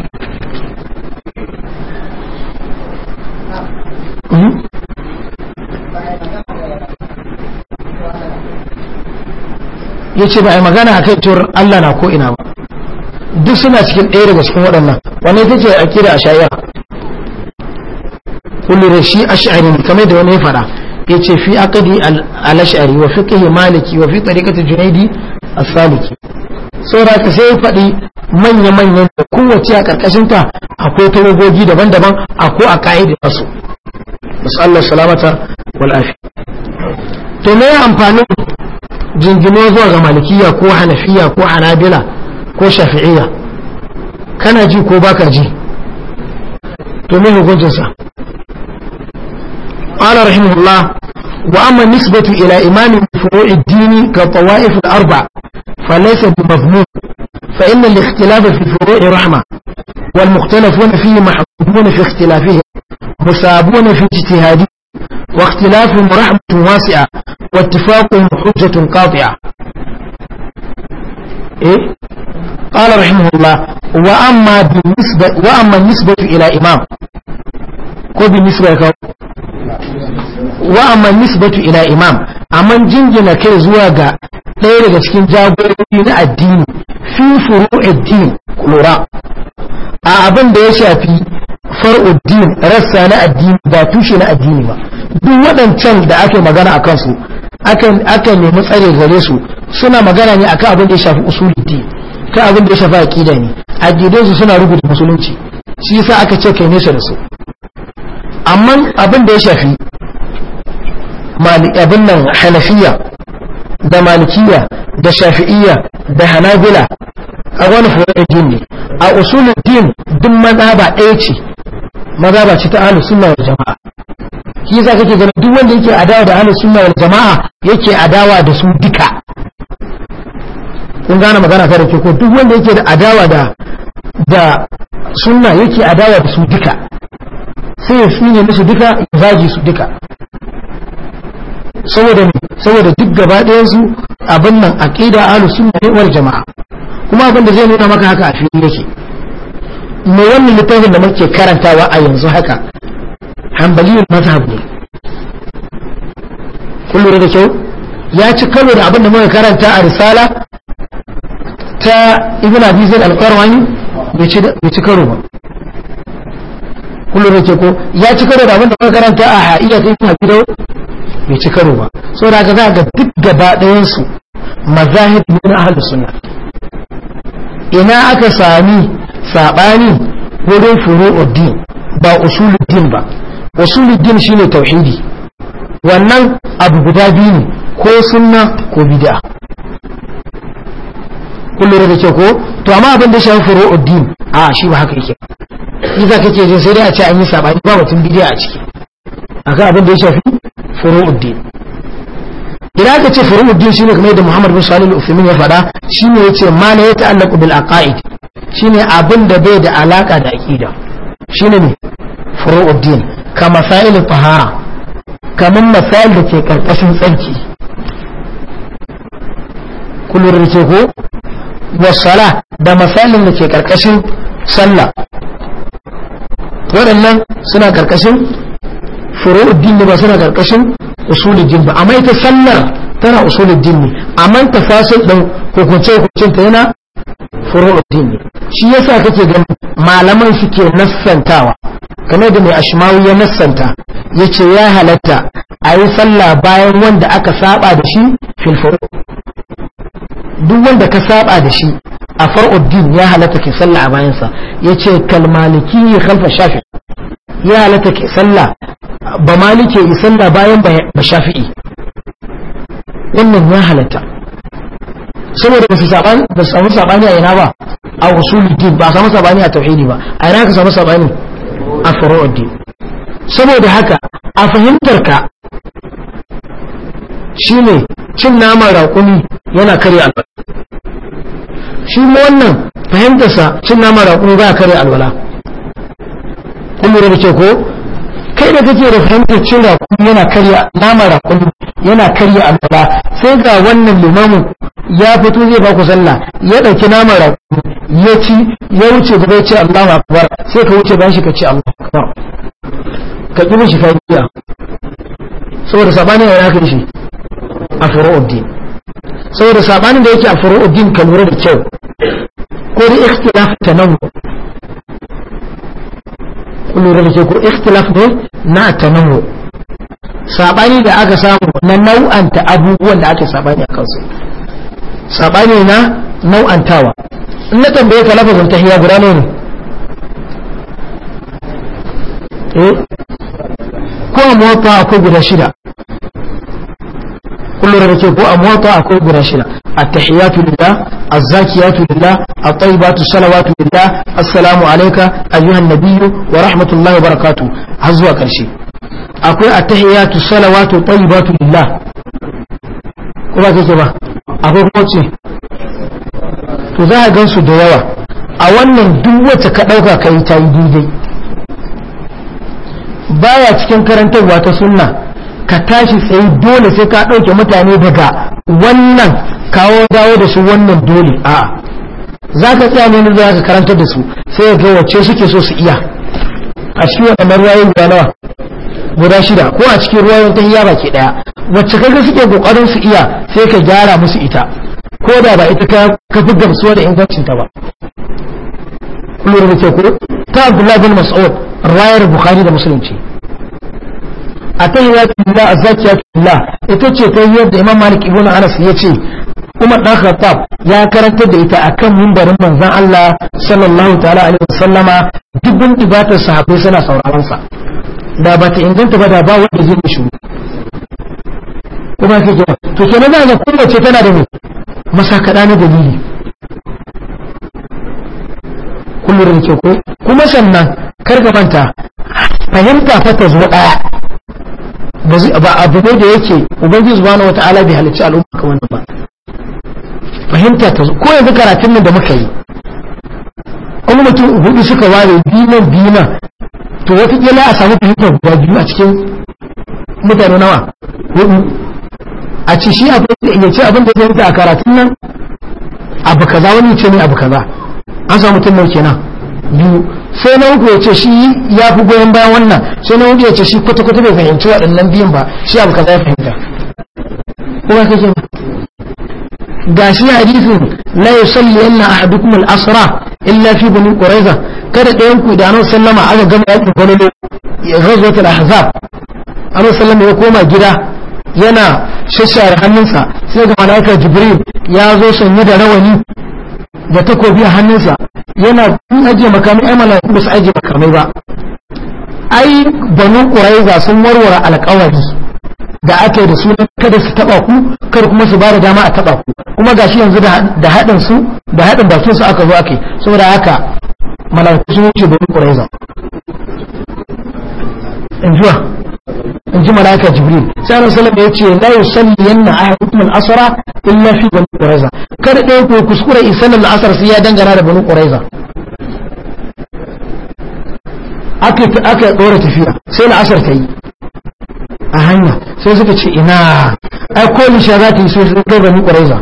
hmm? ya ce ba a yi magana a kai cewar Allah na ko ina ba duk suna cikin ɗaya daga cikin waɗannan wani ta ce a kira a shaya kullure shi a sha'ari kamar da wani ya faɗa ya ce fi akadi alashari wa fi kihi maliki wa fi tarikata junaidi a saliki saura ka sai faɗi manya-manyan da kowace a ƙarƙashinta akwai tawagogi daban-daban ko a ka'idin su masu Allah salamata wal'afi to me amfanin jingino zuwa ga malikiya ko hanafiya ko anabila ko shafi'iya kana ji ko baka ji to me sa qala rahimahullah wa amma nisbatu ila imam furu'i ad-din ka tawa'if al-arba fa laysa bi mazmum fa inna al-ikhtilaf fi furu'i rahma wal mukhtalafuna fihi mahdudun fi ikhtilafihim musabun fi ijtihadihim واختلاف رحمة واسعة واتفاق حجة قاطعة إيه؟ قال رحمه الله وأما بالنسبة وأما النسبة إلى إمام وبالنسبة وأما النسبة إلى إمام أمن جنجنا كي زواغا ɗaya daga cikin الدين في فروع الدين كلورا a abin da ya shafi far'uddin rassa na addini ba tushe na addini ba duk waɗancan da ake magana a kansu aka nemi tsare gare su suna magana ne akan abin da ya shafi din kan abin da ya shafi aƙida ne aqidai su suna rubuta musulunci shi yasa aka ce kai nesa da su amma abin da ya shafi abin nan hanafiya da malikiya da shafi'iyya da hanabila a wani furar din ne a usulun din duk mazaba ɗaya ce mazaba ce ta ahlus sunna wal jama'a shi yasa kake ganin duk wanda yake adawa da ahlus sunna wal jama'a yake adawa da su duka kun gane magana ta da ke ko duk wanda yake da adawa da da sunna yake adawa da su duka sai ya sunye musu duka ya zage su duka saboda saboda duk gaba ɗayan su abin nan aqida ahlus sunna wal jama'a kuma abin da zai nuna maka haka a fili yake mai wannan littafin da muke karantawa a yanzu haka hanbaliyun mazhab ne kun da kyau ya ci kalo da abin da muka karanta a risala ta ibn abi zaid al-qarwani bai ci karo ba Kullum da ko ya ci karo da abin da muka karanta a haiya ta ibn abi bai ci karo ba saboda haka za ga duk gaba ɗayan su mazahib ne na ahlus ina aka sami saɓani wurin din ba usuluddin ba shi ne tauhidi wannan abu guda biyu ne ko sunna ko bid'a kullu da ke ko to amma abin da shafi furu'uddin a shi ba haka yake shi za ka ce sai dai a ce an yi saɓani ba mutum bid'a a ciki akan abin da ya shafi furu'uddin kira ka ce uddin shine kamar yadda Muhammad bin Salih al-Uthaymeen ya faɗa shine yace ma la ta'allaqu bil aqaid shine abin da bai da alaka da aqida shine ne uddin ka masail tahara kamar masail da ke karkashin tsarki kullu rike ko wasala da masailin da ke karkashin sallah waɗannan suna karkashin furu'ud din ba suna karkashin usulul din ba amma ita sallar tana usulul din ne amma tafasil din hukunce hukuncin ta yana furu'ud din ne shi yasa kake ga malaman suke nassantawa kamar da mai ashmawi ya nassanta yace ya halatta a yi sallah bayan wanda aka saba da shi fil duk wanda ka saba da shi a far'uddin ya halatta ke sallah a bayansa ya ce kalmaliki ya kalfa shafi ya halatta ke sallah ba malike yi sallah bayan ba shafi'i wannan ya halatta saboda ba su samu sabani a yana ba a usuluddin ba samu sabani a tauhidi ba a yana ka samu sabani a furu'uddin saboda haka a fahimtar ka ne cin naman raƙumi yana karya alwala shi wannan fahimtarsa cin naman raƙumi ba karya alwala kuma da ko kai da kake da fahimtar cin rakun yana karya nama rakun yana karya albala sai ga wannan limamu ya fito zai ba ku sallah ya dauki nama rakun ya ci ya wuce gaba ya ce Allahu akbar sai ka wuce bashi ka ce Allahu akbar ka ki shi fadiya saboda sabani ne haka shi a furu'uddin saboda sabanin da yake a furu'uddin ka lura da kyau ko da ikhtilaf tanawu kullum da ke ko ikhtilaf ne na tanawu sabani da aka samu na nau'anta abubuwan da ake sabani a kansu sabani na nau'antawa in na tambaye ka lafazin tahiya guda ne ne eh? ko mota akwai guda shida kullum da ke ko a mota akwai guda shida attahiyatu lillah azzakiyatu lillah at-tayyibatu salawatu lillah assalamu alayka ayyuhan nabiyyu wa rahmatullahi wa barakatuh har zuwa akwai attahiyatu salawatu tayyibatu lillah ko ba kake ba akwai kuma ce to za a gansu da yawa a wannan duk wacce ka dauka kai ta yi baya cikin karantarwa ta sunna ka tashi tsaye dole sai ka ɗauke mutane daga wannan kawo dawo da su wannan dole a za ka tsaya ne da za ka karanta da su sai ga wacce suke so su iya a cikin waɗannan ruwayoyi guda nawa guda shida ko a cikin ruwayoyin ta hiya baki ɗaya wacce kaga suke kokarin su iya sai ka gyara musu ita ko da ba ita ka fi gamsuwa da ingancin ta ba kullum da ke ko ta abdullahi bin mas'ud ruwayar bukhari da musulunci atahiyatullah azakiyatullah ita ce tahiyyar da imam malik ibn anas ya ce kuma dan khattab ya karanta da ita akan mimbarin manzon Allah sallallahu ta'ala alaihi wasallama dubin dibata sahabbai suna sauraron sa da ba ta inganta ba da ba wanda zai shiru kuma ke jira to kenan za ga ce tana da ni masakada na dalili kullum da ke ko kuma sannan karka manta fahimta fa ta daya ba abu ne da yake ubangiji subhanahu wataala bai halicci al'umma kamar wannan ba fahimta ta ko yanzu karatun nan da muka yi kuma mutum hudu suka ware binan binan to wata kila a samu fahimtar guda biyu a cikin mutane nawa hudu a ce shi ya ce abin da ya fahimta a karatun nan abu kaza wani ce ne abu kaza an samu mutum mai kenan biyu sai na uku ya ce shi ya fi goyon bayan wannan sai na uku ya ce shi kwata-kwata bai fahimci waɗannan biyun ba shi abu ya fahimta kuma kake ba ga shi hadisin la yusalli anna ahadukum al-asra illa fi bani quraiza kada ɗayan ku da annabi sallama aka gama yakin kwalolo ya ghazwatul ahzab annabi sallama ya koma gida yana shashare hannunsa sai ga malaika jibril ya zo sanye da rawani da takobi a hannunsa yana sun ajiye makamai ai mala'iku ba su ajiye makamai ba ai banu kuraiza sun warware alƙawari da aka da sunan kada su taba ku kar kuma su bada dama a taba ku kuma gashi yanzu da haɗin su da haɗin bakin su aka zo ake saboda haka mala'iku sun wuce banu kuraiza in in ji malaka jibril sai annabi sallallahu alaihi wasallam yace la yusalli yanna ahadukum al-asra illa fi banu quraiza kar dai ku kuskure isan al-asr sai ya dangana da banu quraiza aka aka dora tafiya sai al-asr ta yi a hanya sai suka ce ina ai ko lisha za ta yi so sai kai banu quraiza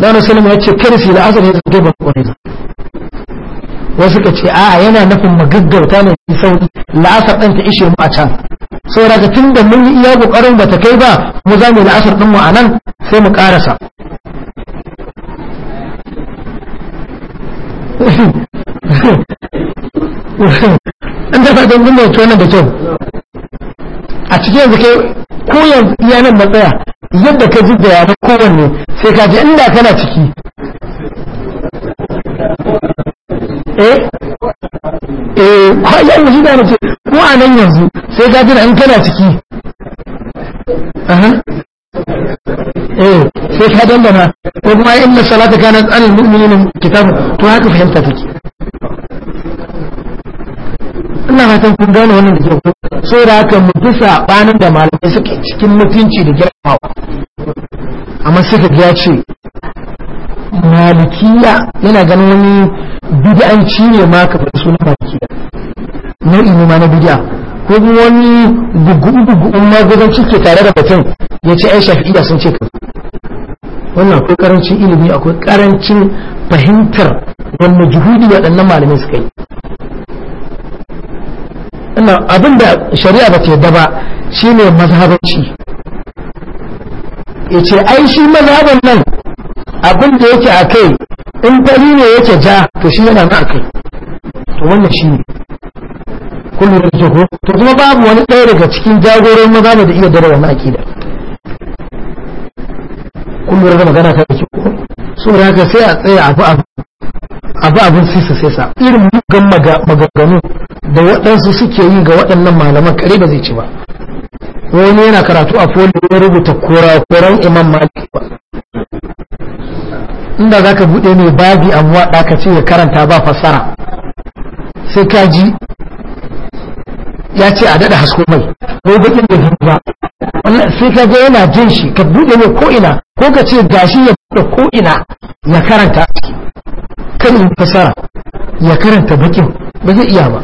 dan sallallahu alaihi yace kar sai al-asr ya kai banu quraiza wasu ka ce a yana nufin magaggauta ne sauri la'asar ɗan ta ishe mu a can saboda tun da mun yi iya kokarin bata kai ba mu za mu yi la'asar ɗinmu mu a nan sai mu karasa an da don mun da nan da kyau a cikin yanzu kai ko yanzu iya nan matsaya yadda ka ji da ya ta kowanne sai ka ji inda kana ciki eh eh har da nace ko a nan yanzu sai ka tuna in kana ciki eh sai ka dandana ko kuma in na salata kanat alal mu'minina kitaban to haka fahimta take ina fatan kun gane wannan da kyau sai da haka mu dusa banin da malamai suke cikin mutunci da girmamawa amma suka ga ce malikiya yana ganin wani bid'anci ne ma ka faɗi sunan malikiya nau'i ne ma na bid'a ko wani gugu-gugun maguzanci ke tare da batun ya ce ai shafi'iyya sun ce ka wannan akwai karancin ilimi akwai karancin fahimtar wannan juhudi waɗannan malamai suka yi abin da shari'a ba ta yadda ba shine mazhabanci ya ce ai shi mazhaban nan abin da yake a kai in fari ne yake ja to shi yana na a kai to wannan shi ne kullum da zuhu to kuma babu wani ɗaya daga cikin jagoran maza ne da iya dare wannan akida kullum da magana ta yake ko da haka sai a tsaya a fi abu abin sisa sa irin mugan maganganu da waɗansu suke yi ga waɗannan malaman kare ba zai ci ba wani yana karatu a foli ya rubuta kora koran imam malik ba inda za ka buɗe mai babi a muwaɗa ka ce ya karanta ba fassara sai ka ji ya ce a daɗa hasko mai ko baƙin da zuwa ba sai ka ga yana jin shi ka buɗe mai ko'ina ko ka ce gashi ya buɗe ko'ina ya karanta kan yi fassara ya karanta baƙin ba zai iya ba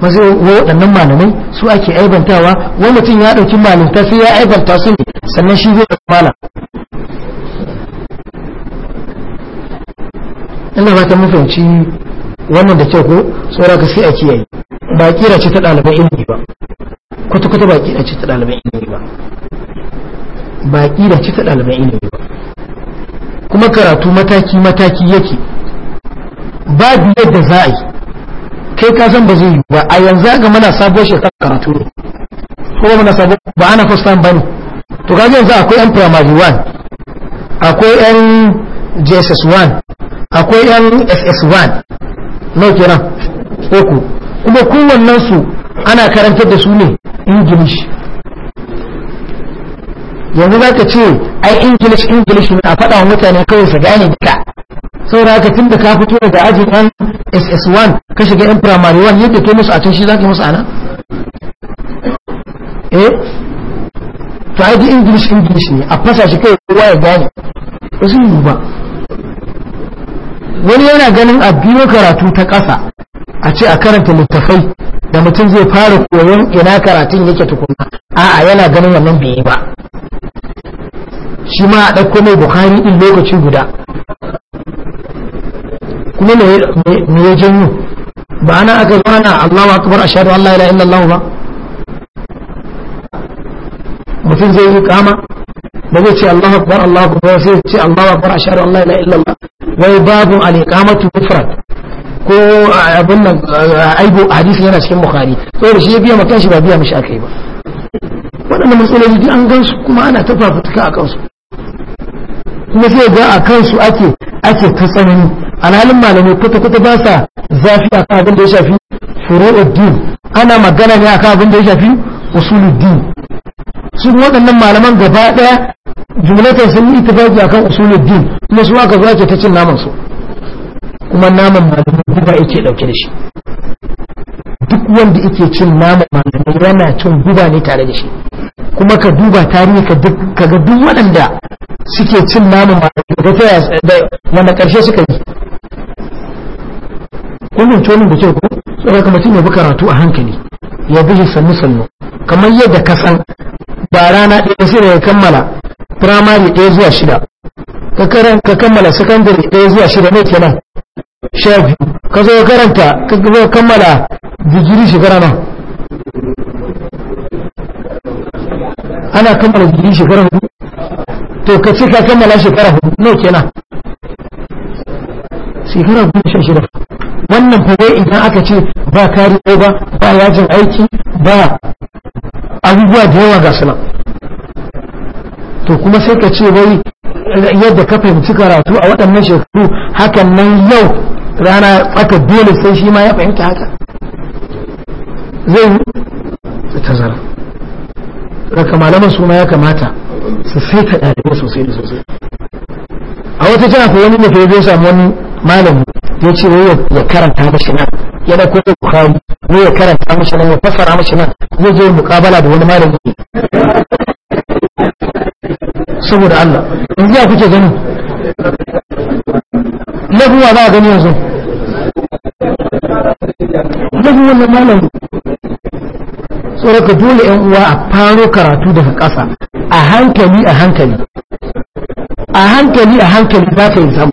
Maza waɗannan malamai su ake aibantawa wani mutum ya ɗauki malinta sai ya aibanta su ne sannan shi zai malam ina ba ta mafanci wannan da kyau ko saura ka sai a kiyaye ba kira ce ta ɗaliban ilimi ba kwata-kwata ba kira ce ta ɗaliban ilimi ba ba kira ce ta ɗaliban ilimi ba kuma karatu mataki-mataki yake babu yadda za a yi kai ka san ba zai yi ba a yanzu ga mana sabuwar shekara karatu ne kuma mana sabo ba ana first time bane to ga yanzu akwai yan primary 1 akwai yan jss 1 akwai yan ss1 nau kenan uku kuma kowannen su ana karantar da su ne english yanzu za ka ce ai english english ne a faɗa wa mutane kawai su gane duka saboda ka tun da ka fito daga ajin yan ss1 ka shiga yan primary 1 yadda ke musu a can shi za ka musu ana eh to ai di english english ne a fasa shi kai kowa ya gane ba zai yi ba wani yana ganin a biyo karatu ta ƙasa a ce a karanta littafai da mutum zai fara koyon ina karatun yake tukuna a'a yana ganin wannan bai yi ba shi ma a ɗauko mai buhari ɗin lokaci guda kuma me ya janyo ba ana aka zo ana Allahu akbar ashhadu an la ilaha illallah ba mutum zai yi kama ba zai ce Allahu akbar Allahu akbar sai ce Allahu akbar ashhadu an la ilaha illallah wai babu babun al'iqamatu mufrad ko abin nan aibu hadisi yana cikin bukhari to shi ya biya makan shi ba biya mishi akai ba waɗannan matsaloli duk an gansu kuma ana ta fafutuka a kansu kuma sai ga a kansu ake ake ta tsanani alhalin malamai kwata kwata ba sa zafi a kan abin da ya shafi furu'uddin ana magana ne a kan abin da ya shafi usuluddin su waɗannan malaman gaba ɗaya jumlatan sun yi tafaki akan usulul din kuma su aka zuwa ta cin naman su kuma naman malamai guba yake dauke da shi duk wanda yake cin naman malamai yana cin guba ne tare da shi kuma ka duba tarihi ka duk kaga duk waɗanda suke cin naman malamai da ta wanda karshe suka yi kullum tonin da kyau ku sai kamar mutum ya bi karatu a hankali ya bi sannu sannu kamar yadda ka san ba rana ɗaya sai ya kammala firamare ɗaya zuwa shida ka kammala sakandare ɗaya zuwa shida ne kenan sha biyu ka zo karanta ka zo kammala digiri shekara nan ana kammala digiri shekara hudu to ka ce ka kammala shekara hudu ne kenan shekara hudu sha shida wannan fage idan aka ce ba kari ba ba yajin aiki ba abubuwa da yawa ga sunan to kuma sai ka ce wai yadda ka fahimci karatu a waɗannan shekaru hakan nan yau rana tsaka dole sai shi ma ya fahimta haka zai tazara raka malaman su ma ya kamata su sai ta ɗalibai sosai da sosai a wata jana ko wani ke zai samu wani malami ya ce wai ya karanta mashi nan yana kwaye bukari ne ya karanta mashi nan ya fassara mashi nan zai zo mukabala da wani malami saboda Allah yanzu ya kuke gani lafuwa za a gani yanzu lafuwa wannan malam tsoraka dole yan uwa a faro karatu daga ƙasa a hankali a hankali a hankali a hankali za ka yi sama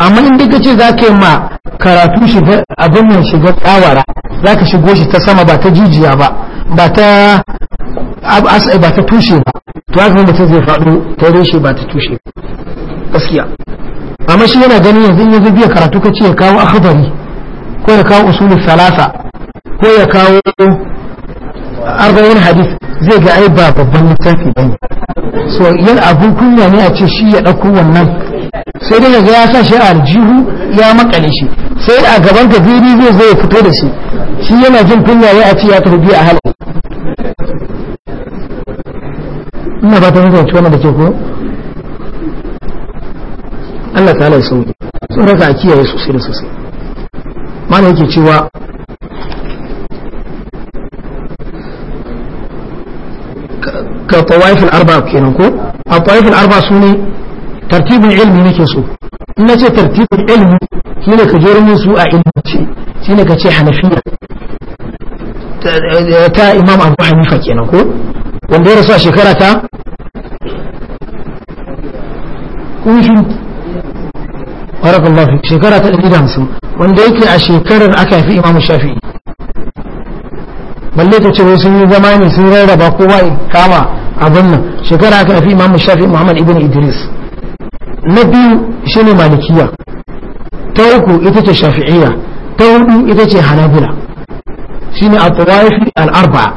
amma inda ka ce za ka yi ma karatu shiga abin mai shiga tsawara za ka shigo shi ta sama ba ta jijiya ba ba ta ba ta tushe ba tuwafin mutum zai faɗo ta reshe ba ta tushe gaskiya amma shi yana gani yanzu in yanzu biya karatu ka ce ya kawo akhbari ko ya kawo usulul salasa ko ya kawo arba'in hadis zai ga ai ba babban littafi bane so yan abun kunya ne a ce shi ya ɗauko wannan sai dai ga ya sa shi a aljihu ya makale shi sai a gaban ka zai zai fito da shi shi yana jin kunya ya a ce ya tarbiya a halin ina ba ta mun fahimci wannan da ke ko Allah ta halaye sauki sun raka a kiyaye sosai da sosai mana yake cewa ka tawaifin arba kenan ko a tawaifin arba su ne tartibin ilmi nake so in na ce tartibin ilmi shi ne ka jerin su a ilmi shi ne ka ce hanafiya ta imam abu hanifa kenan ko wanda ya rasu a shekara ta kun shiru barakallahu shekara ta 150 wanda yake a shekarar aka haifi Imam shafi? balle ta ce wai sun yi zama ne sun rarraba kowa kama a nan shekara aka haifi Imam shafi Muhammad ibn Idris na biyu shi ne malikiya ta uku ita ce shafi'iyya ta hudu ita ce hanabila ne at-tawaif al-arba'a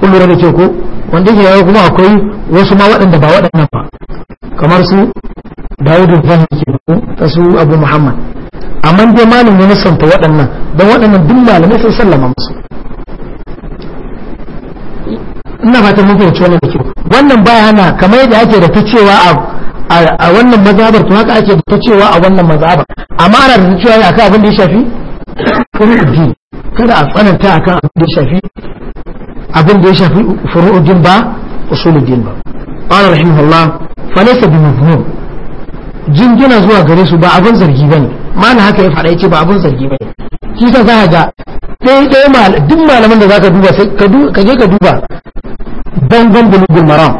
Kullum da ke ko wanda yake yawa kuma akwai wasu ma waɗanda ba waɗannan ba kamar su dawudu fahim ke ta su abu muhammad amma dai malin san ta waɗannan don waɗannan duk malamai sun sallama musu ina fatan mun fahimci wannan da kyau wannan ba hana kamar yadda ake da ta cewa a wannan mazhabar to haka ake da ta cewa a wannan mazhabar amma ana da ta cewa akan abin da ya shafi furu'uddin kada a tsananta akan abin da ya shafi abin da ya shafi furu'uddin ba usuluddin ba qala rahimahullah falaisa bi mazmum jingina zuwa gare su ba abun zargi bane mana haka ya faɗa yace ba abun zargi bane shi sa za ga dai ɗaya duk malaman da za ka duba sai ka je ka duba bangon bulugul maram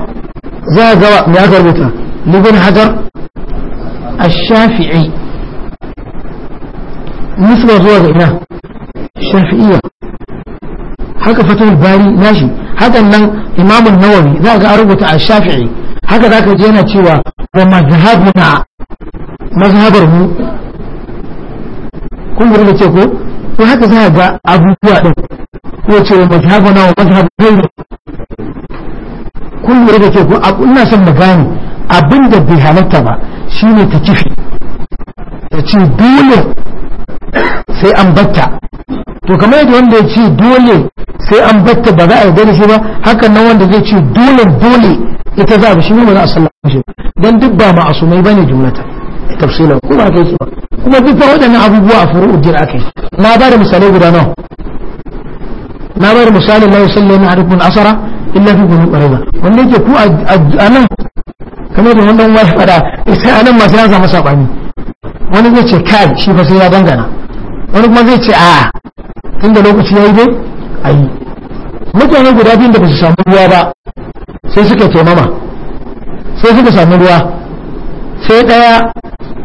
za ga wa me aka rubuta libin hajar ash-shafi'i misla zuwa ga ina shafi'iyya haka fatul bari nashi hakan nan imamun nawawi za ka rubuta a shafi'i haka za ka je yana cewa wa mazhabuna mazhabar mu kun lura da ce ko to haka za ga abubuwa din ko ce wa mazhabuna wa mazhabu ghayri kun lura da ce ko kunna son magani abin da bai halatta ba shine ta kifi ta ce dole sai an batta to kamar yadda wanda ya ce dole sai an batta ba za a yarda da shi ba hakan nan wanda zai ce dole dole ita za a bi shi ne ba za a sallama shi dan duk ba ma ma'asumai bane jumlata tafsilan kuma kai su kuma duk waɗannan abubuwa a furu'uddin akai na ba da misalai guda nawa na ba da misalin la yusalli na harifin asara illa fi gudu ƙwararra wanda yake ku a nan kamar da wannan wani fada sai a nan masu ya samu saɓani wani zai ce kai shi fa sai ya dangana wani kuma zai ce a tun da lokaci ya yi dai ai mutane guda biyun da ba su samu ruwa ba sai suka taimama sai suka samu ruwa sai daya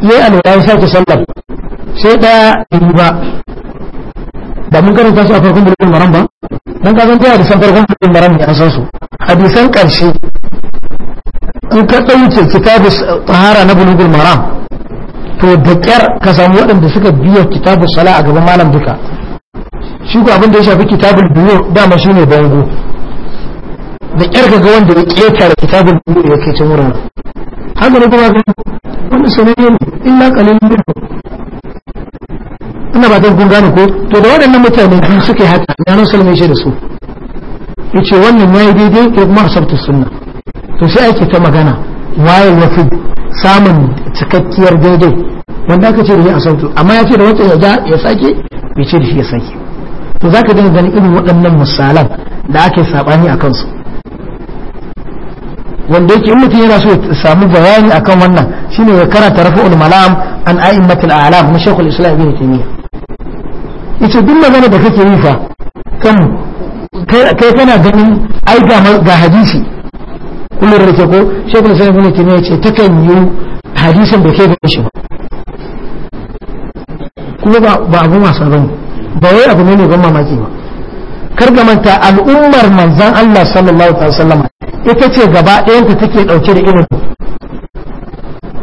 ya alwala ya sake sallar sai daya ya yi ba ba mun karanta su a farkon bulutun maran ba don ka zanta hadisan farkon bulutun maran ne an san su hadisan karshe in ka ɗauke kitabu tsahara na bulutun maran to da kyar ka samu waɗanda suka biya kitabu sala a gaban malam duka shi ku abin da ya shafi kitabul bulu dama shi ne bango da ƙyarka ga wanda ya ƙetare kitabul bulu ya ke can wurin haka ne kuma wani sananne ne illa kalin bulu ina ba don kun gane ko to da waɗannan mutane biyu suka yi haka ya nan salmai shi da su ya ce wannan ya yi daidai ko kuma hasabta sunna to sai ake ta magana waye ya fi samun cikakkiyar daidai wanda aka ce da ya asabtu amma ya ce da wata ya sake bai ce da shi ya sake to za ka dinga ganin irin waɗannan misalan da ake saɓani a kansu wanda yake in mutum yana so ya samu bayani akan wannan shine ya karanta rafi'ul malam an a'immatul a'lam na shaykhul islam ibn taymiya yace duk magana da kake yi fa kan kai kana ganin ai ga ga hadisi kullu da ko shaykhul islam ibn taymiya yace kan yi hadisin da ke da shi ba kuma ba abu masu bane ba wai abu ne ban mamaki ba kar ga manta al'ummar manzan Allah sallallahu alaihi wasallam ita ce gaba ɗayanta take ɗauke da irin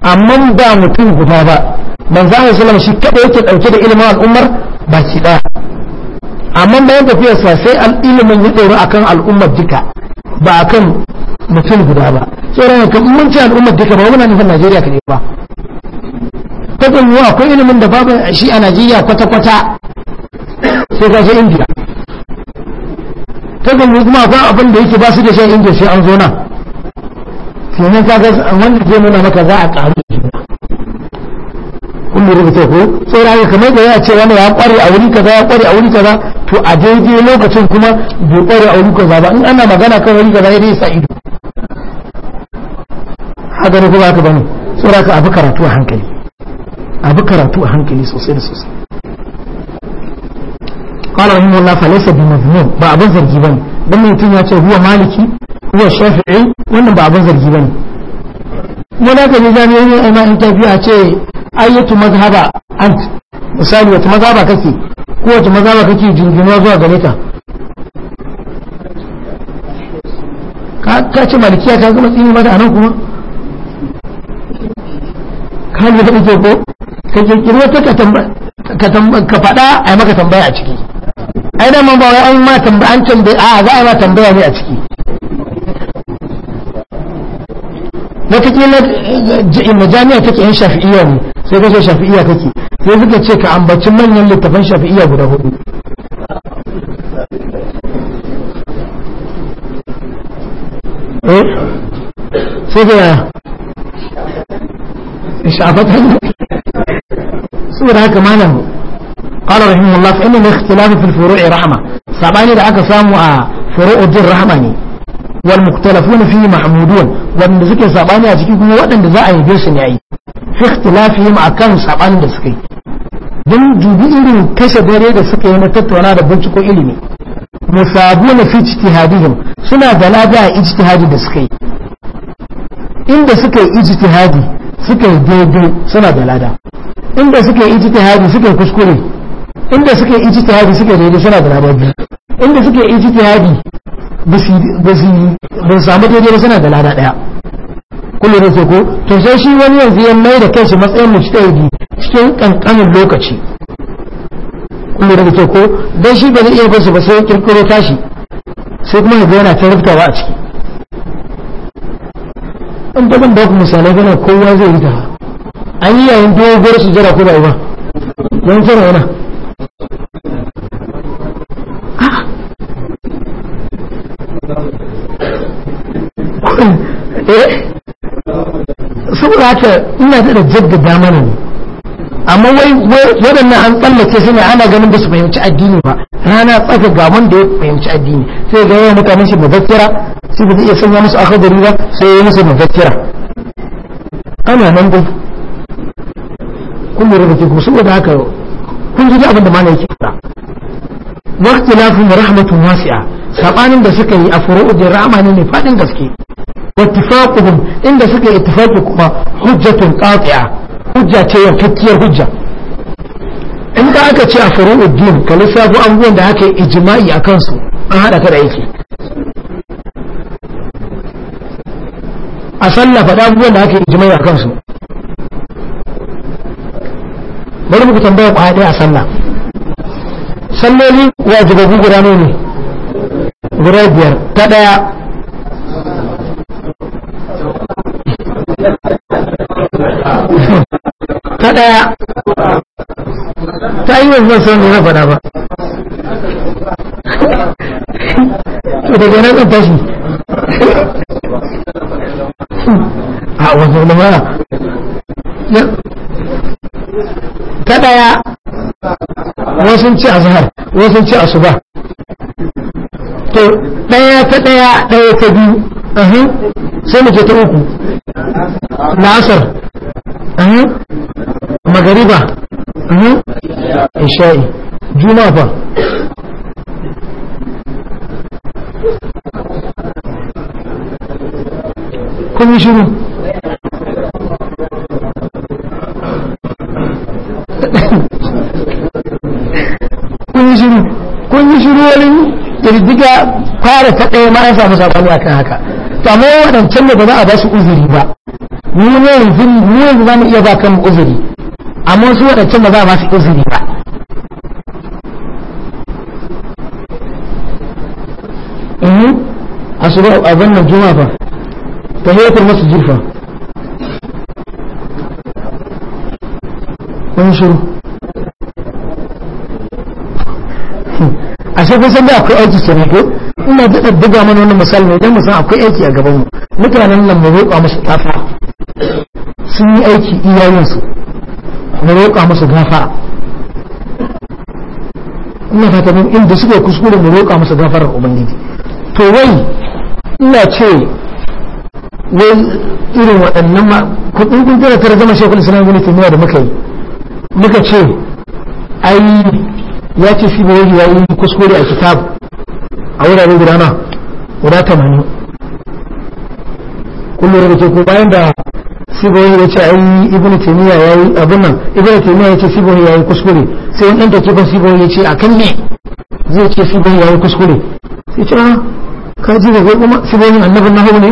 amma ba mutum guda ba manzan Allah sallallahu alaihi shi kadai yake ɗauke da ilimin al'ummar baki ɗaya amma bayan tafiyarsa sai ilimin ya tsoro akan al'ummar duka ba akan mutum guda ba tsoron haka mun ce al'ummar duka ba muna nufin Najeriya kaɗai ba takan yi akwai ilimin da babu shi a Najeriya kwata-kwata sai ka je indiya ta yi kuma akwai abin da yake ba su da shan indiya sai an zo nan kenan ka ga wanda ke nuna maka za a ƙaru da juna kun lura da ko sai rayu kamar da ya ce wani ya kware a wuri kaza ya kware a wuri kaza to a daidai lokacin kuma bai kware a wuri kaza ba in ana magana kan wuri kaza yadda ya sa ido haka ne kuma haka bane saboda ka abu karatu a hankali abu karatu a hankali sosai da sosai قال رحمه الله فليس بمذموم ba abin zargi bane dan mutum ya ce huwa maliki huwa shafi'i wannan ba abin zargi bane mun da kaje jami'in ai ma interview a ce ayyatu mazhaba ant misali wata mazhaba kake ko wata mazhaba kake jinjina zuwa gare ka ce malikiya ta zama tsini kuma ka da ko ta ka faɗa a maka tambaya a ciki ai da man ba wai an ma tambaya an tambaya a za a ma tambaya ne a ciki na wataƙila eh, majami'a take yan shafi'iyya ne sai kace shafi'iyya kake sai suka ce ka ambaci manyan littafan shafi'iyya guda hudu eh sai ga shafa Su saboda haka malam قال رحمه الله فإن الاختلاف في الفروع رحمة سبعين دعك سامو فروع الدين رحمة والمختلفون فيه محمودون ومن ذكر سبعين أجيكي كم وقتاً دزاء يبيرس نعي في اختلافهم أكان سبعين دسكي دم جوبي إلي كشة داري دسكي نتتونا دبنشكو إلمي musabuna fi ijtihadihim suna da lada ijtihadi da suka yi inda suka yi ijtihadi suka yi daidai suna da lada inda suka yi ijtihadi suka yi kuskure inda suke iji ta hadi suke daidai suna da labar biyu inda iji ta hadi ba su samu daidai ba suna da lada daya kullu da teku, to sai shi wani yanzu ya mai da kanshi matsayin yi cikin kankanin lokaci kullu da ko dan shi ba zai iya basu ba sai kirkiro tashi sai kuma yanzu yana tariftawa a ciki in ta ban baku misalai gana kowa zai yi ta an yi yayin dogon su ko ba ba don fara yana Eh, saboda haka ina da jaddada mana ne amma wai waɗannan an tsallace su ne ana ganin ba su fahimci addini ba rana tsaka ga wanda ya fahimci addini sai ga yawan mutanen shi mazakkira sai ba zai iya sanya musu gari ba sai ya musu mazakkira ana nan dai kun lura da ke kuma saboda haka kun ji abin da mana yake fara waqtilafun rahmatun wasi'a sabanin da suka yi a furu'ud rahmanin ne fadin gaske واتفاقهم عند سكي اتفاقكما حجة قاطعة حجة تيركتية حجة in ka aka ce a faru uddin ka lissafo abubuwan da aka yi ijima'i a kansu an haɗa ka da aiki a sallah faɗa abubuwan da aka yi ijima'i a kansu bari muku tambaya ku ɗaya a sallah salloli wajibabu guda ne guda biyar ta ɗaya ta ɗaya ta yi wasu wasu wanda na faɗa ba to daga na ɗan tashi a wasu wanda ba ta ɗaya wasu ci a zahar wasu ci a suba to ɗaya ta ɗaya ɗaya ta biyu sai mace ta uku العصر magariba isha'i juma fa kun yi shiru kun yi shiru kun yi fara ta ɗaya ma samu sabani akan haka amma waɗancan da ba za a ba su uzuri ba mu yanzu mu yanzu za mu iya ba kanmu uzuri amma su wadancan ba za ba su uzuri ba in uhm? a su ba abin juma fa ta haifar masu jirfa kun shiru a shafin sanda akwai aiki kenan ko ina daɗa buga mana wani misali ne don mu san akwai aiki a gabanmu mutanen nan mu roƙa masu tafa sun yi aiki iyayensu mu roƙa musu gafara ina fata min inda suke kuskure mu roƙa musu gafarar ubangiji to wai ina ce wai irin waɗannan ma kuɗin kun kira tare zama shekul islam ibn taymiya da muka yi muka ce ai ya ce shi bai yi kuskure a kitab a wurare gudana na guda 80 kullum da ke ko bayan da sibohi ya ce ai ibnu taymiya yayi abin nan ibnu taymiya ya ce sibohi yayi kuskure sai wani dan take ban sibohi ya ce akan ne zai ce sibohi yayi kuskure sai ce ah, ka ji da kuma sibohi annabin nahawu ne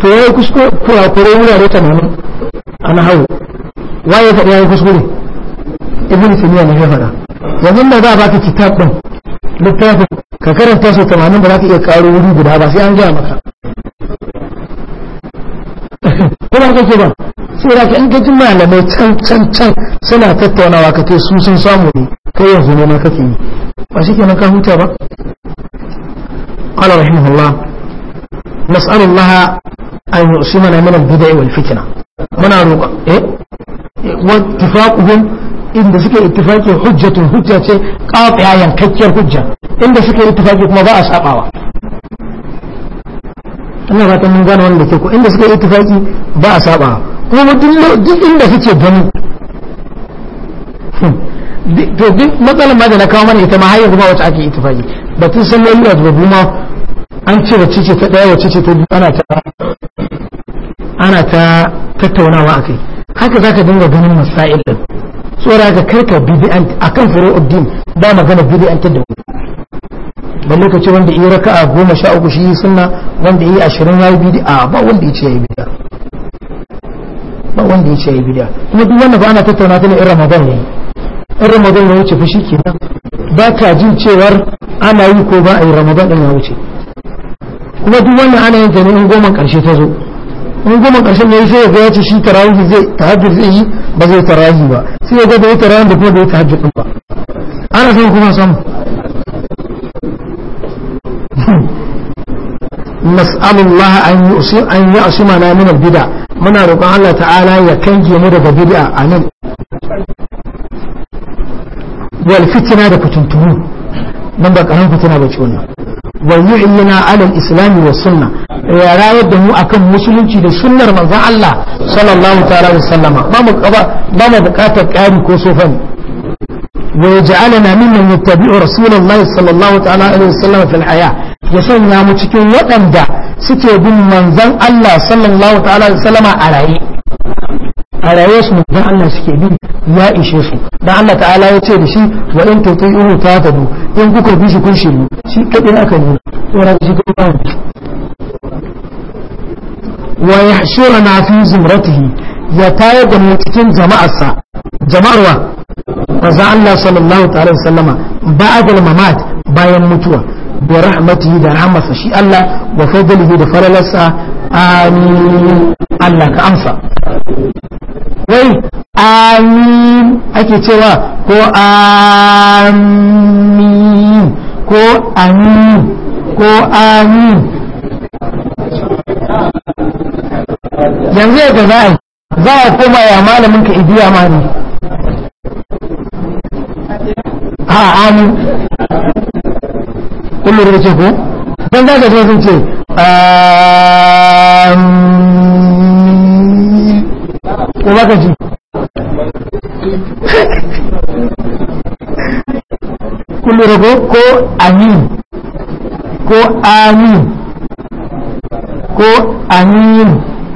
to yayi kuskure kurakure wurare tamanin a nahawu waye faɗi yayi kuskure ibnu taymiya ne ya faɗa yanzu da za a baka kitab din littafin ka karanta su 80 ba za ka iya karo wuri guda ba sai an gaya maka kuma kake ba sai saboda ka in ka ji malamai can can can suna tattaunawa ka kai su sun samu ne kai yanzu ne ma kake yi ba shi kenan ka huta ba qala rahimahullah nas'alullah an yusimana min al-bid'a wal fitna muna roƙa eh wa tifaquhum inda suke ittifaki hujjatun hujja ce qati'a yankakkiyar hujja inda suke ittifaki kuma ba a sabawa ina ba ta mun gane wanda ke ko inda suka yi tufaki ba a saba kuma duk inda suke gani hmm, to duk matsalar ma da na kawo mana ita ma har kuma ba wacce ake itifaki batun salloli a zubabu ma an ce wacce ce ta daya wacce ce ta biyu ana ta ana ta tattaunawa akai haka zaka dinga ganin masail din tsora ka karka kan akan furu'uddin ba magana bid'an ta da wani balle ka ce wanda iya raka'a goma sha uku shi sunna wanda iya ashirin ya yi bidi a ba wanda ya ce ya yi bidi ba wanda ya ce ya yi bidi kuma duk wanda ba ana tattauna ta ne in ramadan ne in ramadan ya wuce fushi kenan ba ka jin cewar ana yi ko ba a yi ramadan ɗin ya wuce kuma duk wanda ana yin ta ne in goma ƙarshe ta zo in goma karshe ne sai ya ga ya shi tarawihi zai tahajjud zai yi ba zai tarawihi ba sai ya ga da ya tarawihi da kuma da ya tahajjud ba ana son kuma samu ku mas'alun yi usu an yi muna roƙon Allah ta'ala ya kange mu daga bid'a amin wal fitna da kutuntu nan ba karanta tana ba ciwon wal yu'minuna 'ala al-islam wa sunna ya rawar da mu akan musulunci da sunnar manzon Allah sallallahu ta'ala wa sallama ba mu ba mu bukata ƙari ko sofan ويجعلنا ممن يتبع رسول الله صلى الله عليه وسلم في الحياة يسمى مشكين وقم دا سكي بن منزل الله صلى الله عليه وسلم عليه a rayuwarsu mu dan Allah suke bi ya ishe su dan Allah ta'ala ya ce da shi wa in tutai uhu ta tabu in kuka bi kun shi mu shi kadin aka ne wa shi ko ba wa yahshuruna fi zumratihi ya tayar da mu cikin jama'arsa manzo Allah sallallahu ta'ala sallama ba'dal mamat bayan mutuwa bi rahmatihi da rahmatsa shi Allah wa fadlihi da falalarsa amin Allah ka amsa wai amin ake cewa ko amin ko amin ko amin yanzu ga za a za a koma ya malamin ka ibiya mani a amin kullum da ce ko don za ka ce sun ce ko ba ka ji kullum da ko amin ko amin ko amin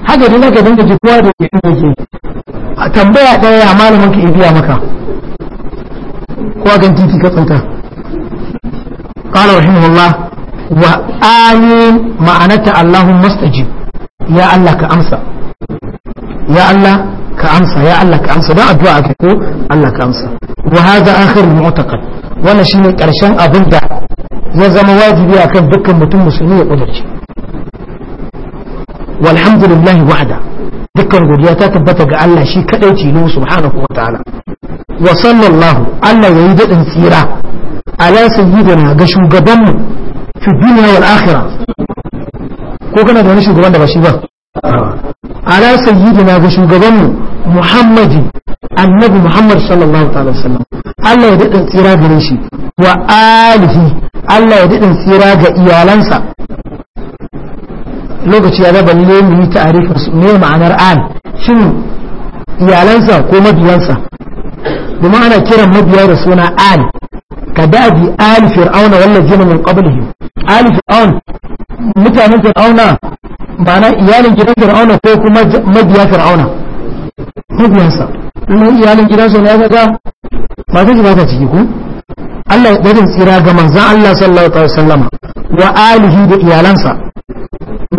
haka da za ka dinga ji kowa da ke ɗin da ke tambaya ɗaya malamin malamanka ibiya maka ko akan titi ka tsinka قال رحمه الله وآمين معناته اللهم استجب يا الله كأمسى يا الله كأمسى يا الله كأمسى ما أدعى أكو الله كأمسى وهذا آخر المعتقد وانا شيني كرشان أبدا يزم واجبي أكد دكا متم مسلمي قدرش والحمد لله وحده دكا قد يتاتبتك الله شي كديتي له سبحانه وتعالى wa sallallahu Allah ya yi daɗin tsira ala na ga shugabanmu fi duniya wal akhira ko kana da wani shugaban da ba shi ba ala sayyidina ga shugaban mu muhammadi annabi muhammad sallallahu ta'ala wasallam Allah ya daɗin tsira gare shi wa alihi Allah ya daɗin tsira ga iyalansa lokaci ya zaba ne mu yi ta'arifin su ne ma'anar al shin iyalansa ko mabiyansa domin ana kiran mabiya da suna al ka dabi al fir'auna wallazina min qablihim al fir'aun mutanen fir'auna na iyalin gidan fir'auna ko kuma mabiya fir'auna mabiyansa kuma iyalin gidansa ne ya ga ba ta ba ta ciki ku? Allah ya dajin tsira ga manzan Allah sallallahu alaihi wasallam wa alihi da iyalansa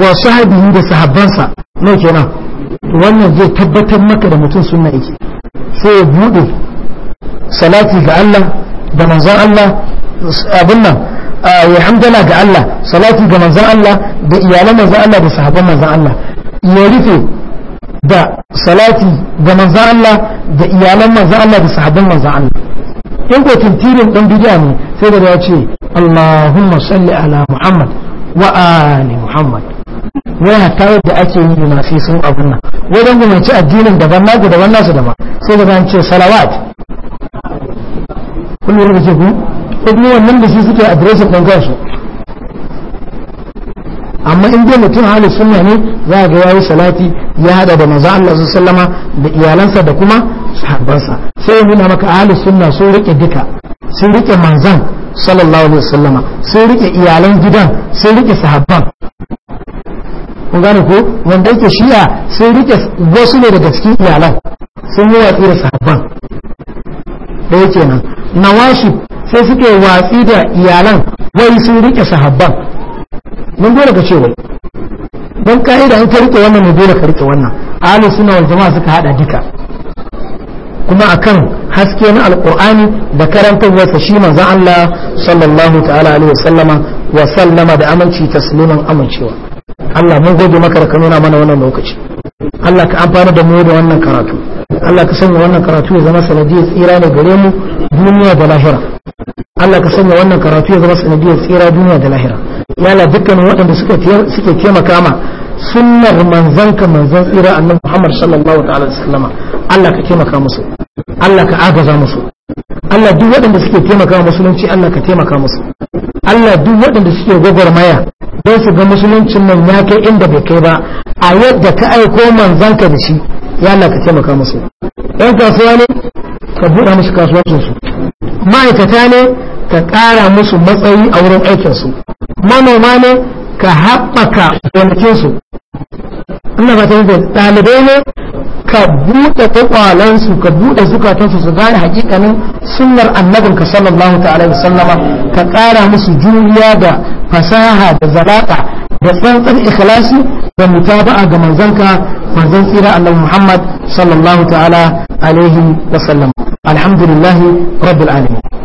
wa sahbihi da sahabbansa ne kenan wannan zai tabbatar maka da mutum sunna yake sai ya bude salati ga Allah da manzon Allah abin nan ya hamdana ga Allah salati ga manzon Allah da iyalan manzon Allah da sahabban manzon Allah ya rufe da salati ga manzon Allah da iyalan manzon Allah da sahabban manzon Allah in ko tintirin dan bidiya ne sai da ya ce Allahumma salli ala Muhammad wa ali Muhammad wai tawo da ake yi da nasi sun abun nan wajen gumace addinin daban na daban nasu daban sai da ce salawat kun da ke ku ko kuma wannan da shi suke adireshin ɗan kansu amma in dai mutum halin sunna ne za ga yayi salati ya hada da maza Allah sallama da iyalansa da kuma sahabbansa sai mun nuna maka halin sunna sun rike duka sun rike manzan sallallahu alaihi wasallama sun rike iyalan gidan sun rike sahabban kun gane ko wanda yake shi'a sun rike wasu ne daga cikin iyalan sun yi watsi da sahabban ɗaya kenan nawashi sai suke watsi da iyalan wai sun rike sahabban mun dole ka ce wai don ka'ida an ka rike wannan mu dole ka rike wannan ahlus sunna wal jama'a suka hada duka kuma akan haske na alqur'ani da wasa shi manzon Allah sallallahu ta'ala alaihi wasallama wa sallama da aminci tasliman amincewa Allah mun gode maka da ka nuna mana wannan lokaci Allah ka amfana da mu da wannan karatu Allah ka sanya wannan karatu ya zama sanadiyar tsira ne gare mu duniya da lahira Allah ka sanya wannan karatu ya zama sanadiyar tsira duniya da lahira ya la dukkanin waɗanda suke taimaka ma sunnar manzanka manzan tsira annabi Muhammad sallallahu ta'ala sallama Allah ka taimaka musu Allah ka agaza musu Allah duk waɗanda suke taimaka musulunci Allah ka taimaka musu Allah duk waɗanda suke gwagwarmaya don su ga musuluncin nan ya kai inda bai kai ba a yadda ka aiko manzanka da shi ya Allah ka taimaka musu yan kasuwa ne ka buɗe musu kasuwancin su ma'aikata ne ka ƙara musu matsayi a wurin aikinsu manoma ne ka haɓaka gonakinsu ina ba ta ɗalibai ne ka buɗe kwakwalansu ka buɗe zukatansu su gane hakikanin sunnar ka sallallahu ta'ala sallama ka ƙara musu juriya da fasaha da zalaka da tsantsan ikhlasi da mutaba'a ga manzanka manzan tsira allahu Muhammad sallallahu ta'ala alaihi wa sallam alhamdulillah rabbil alamin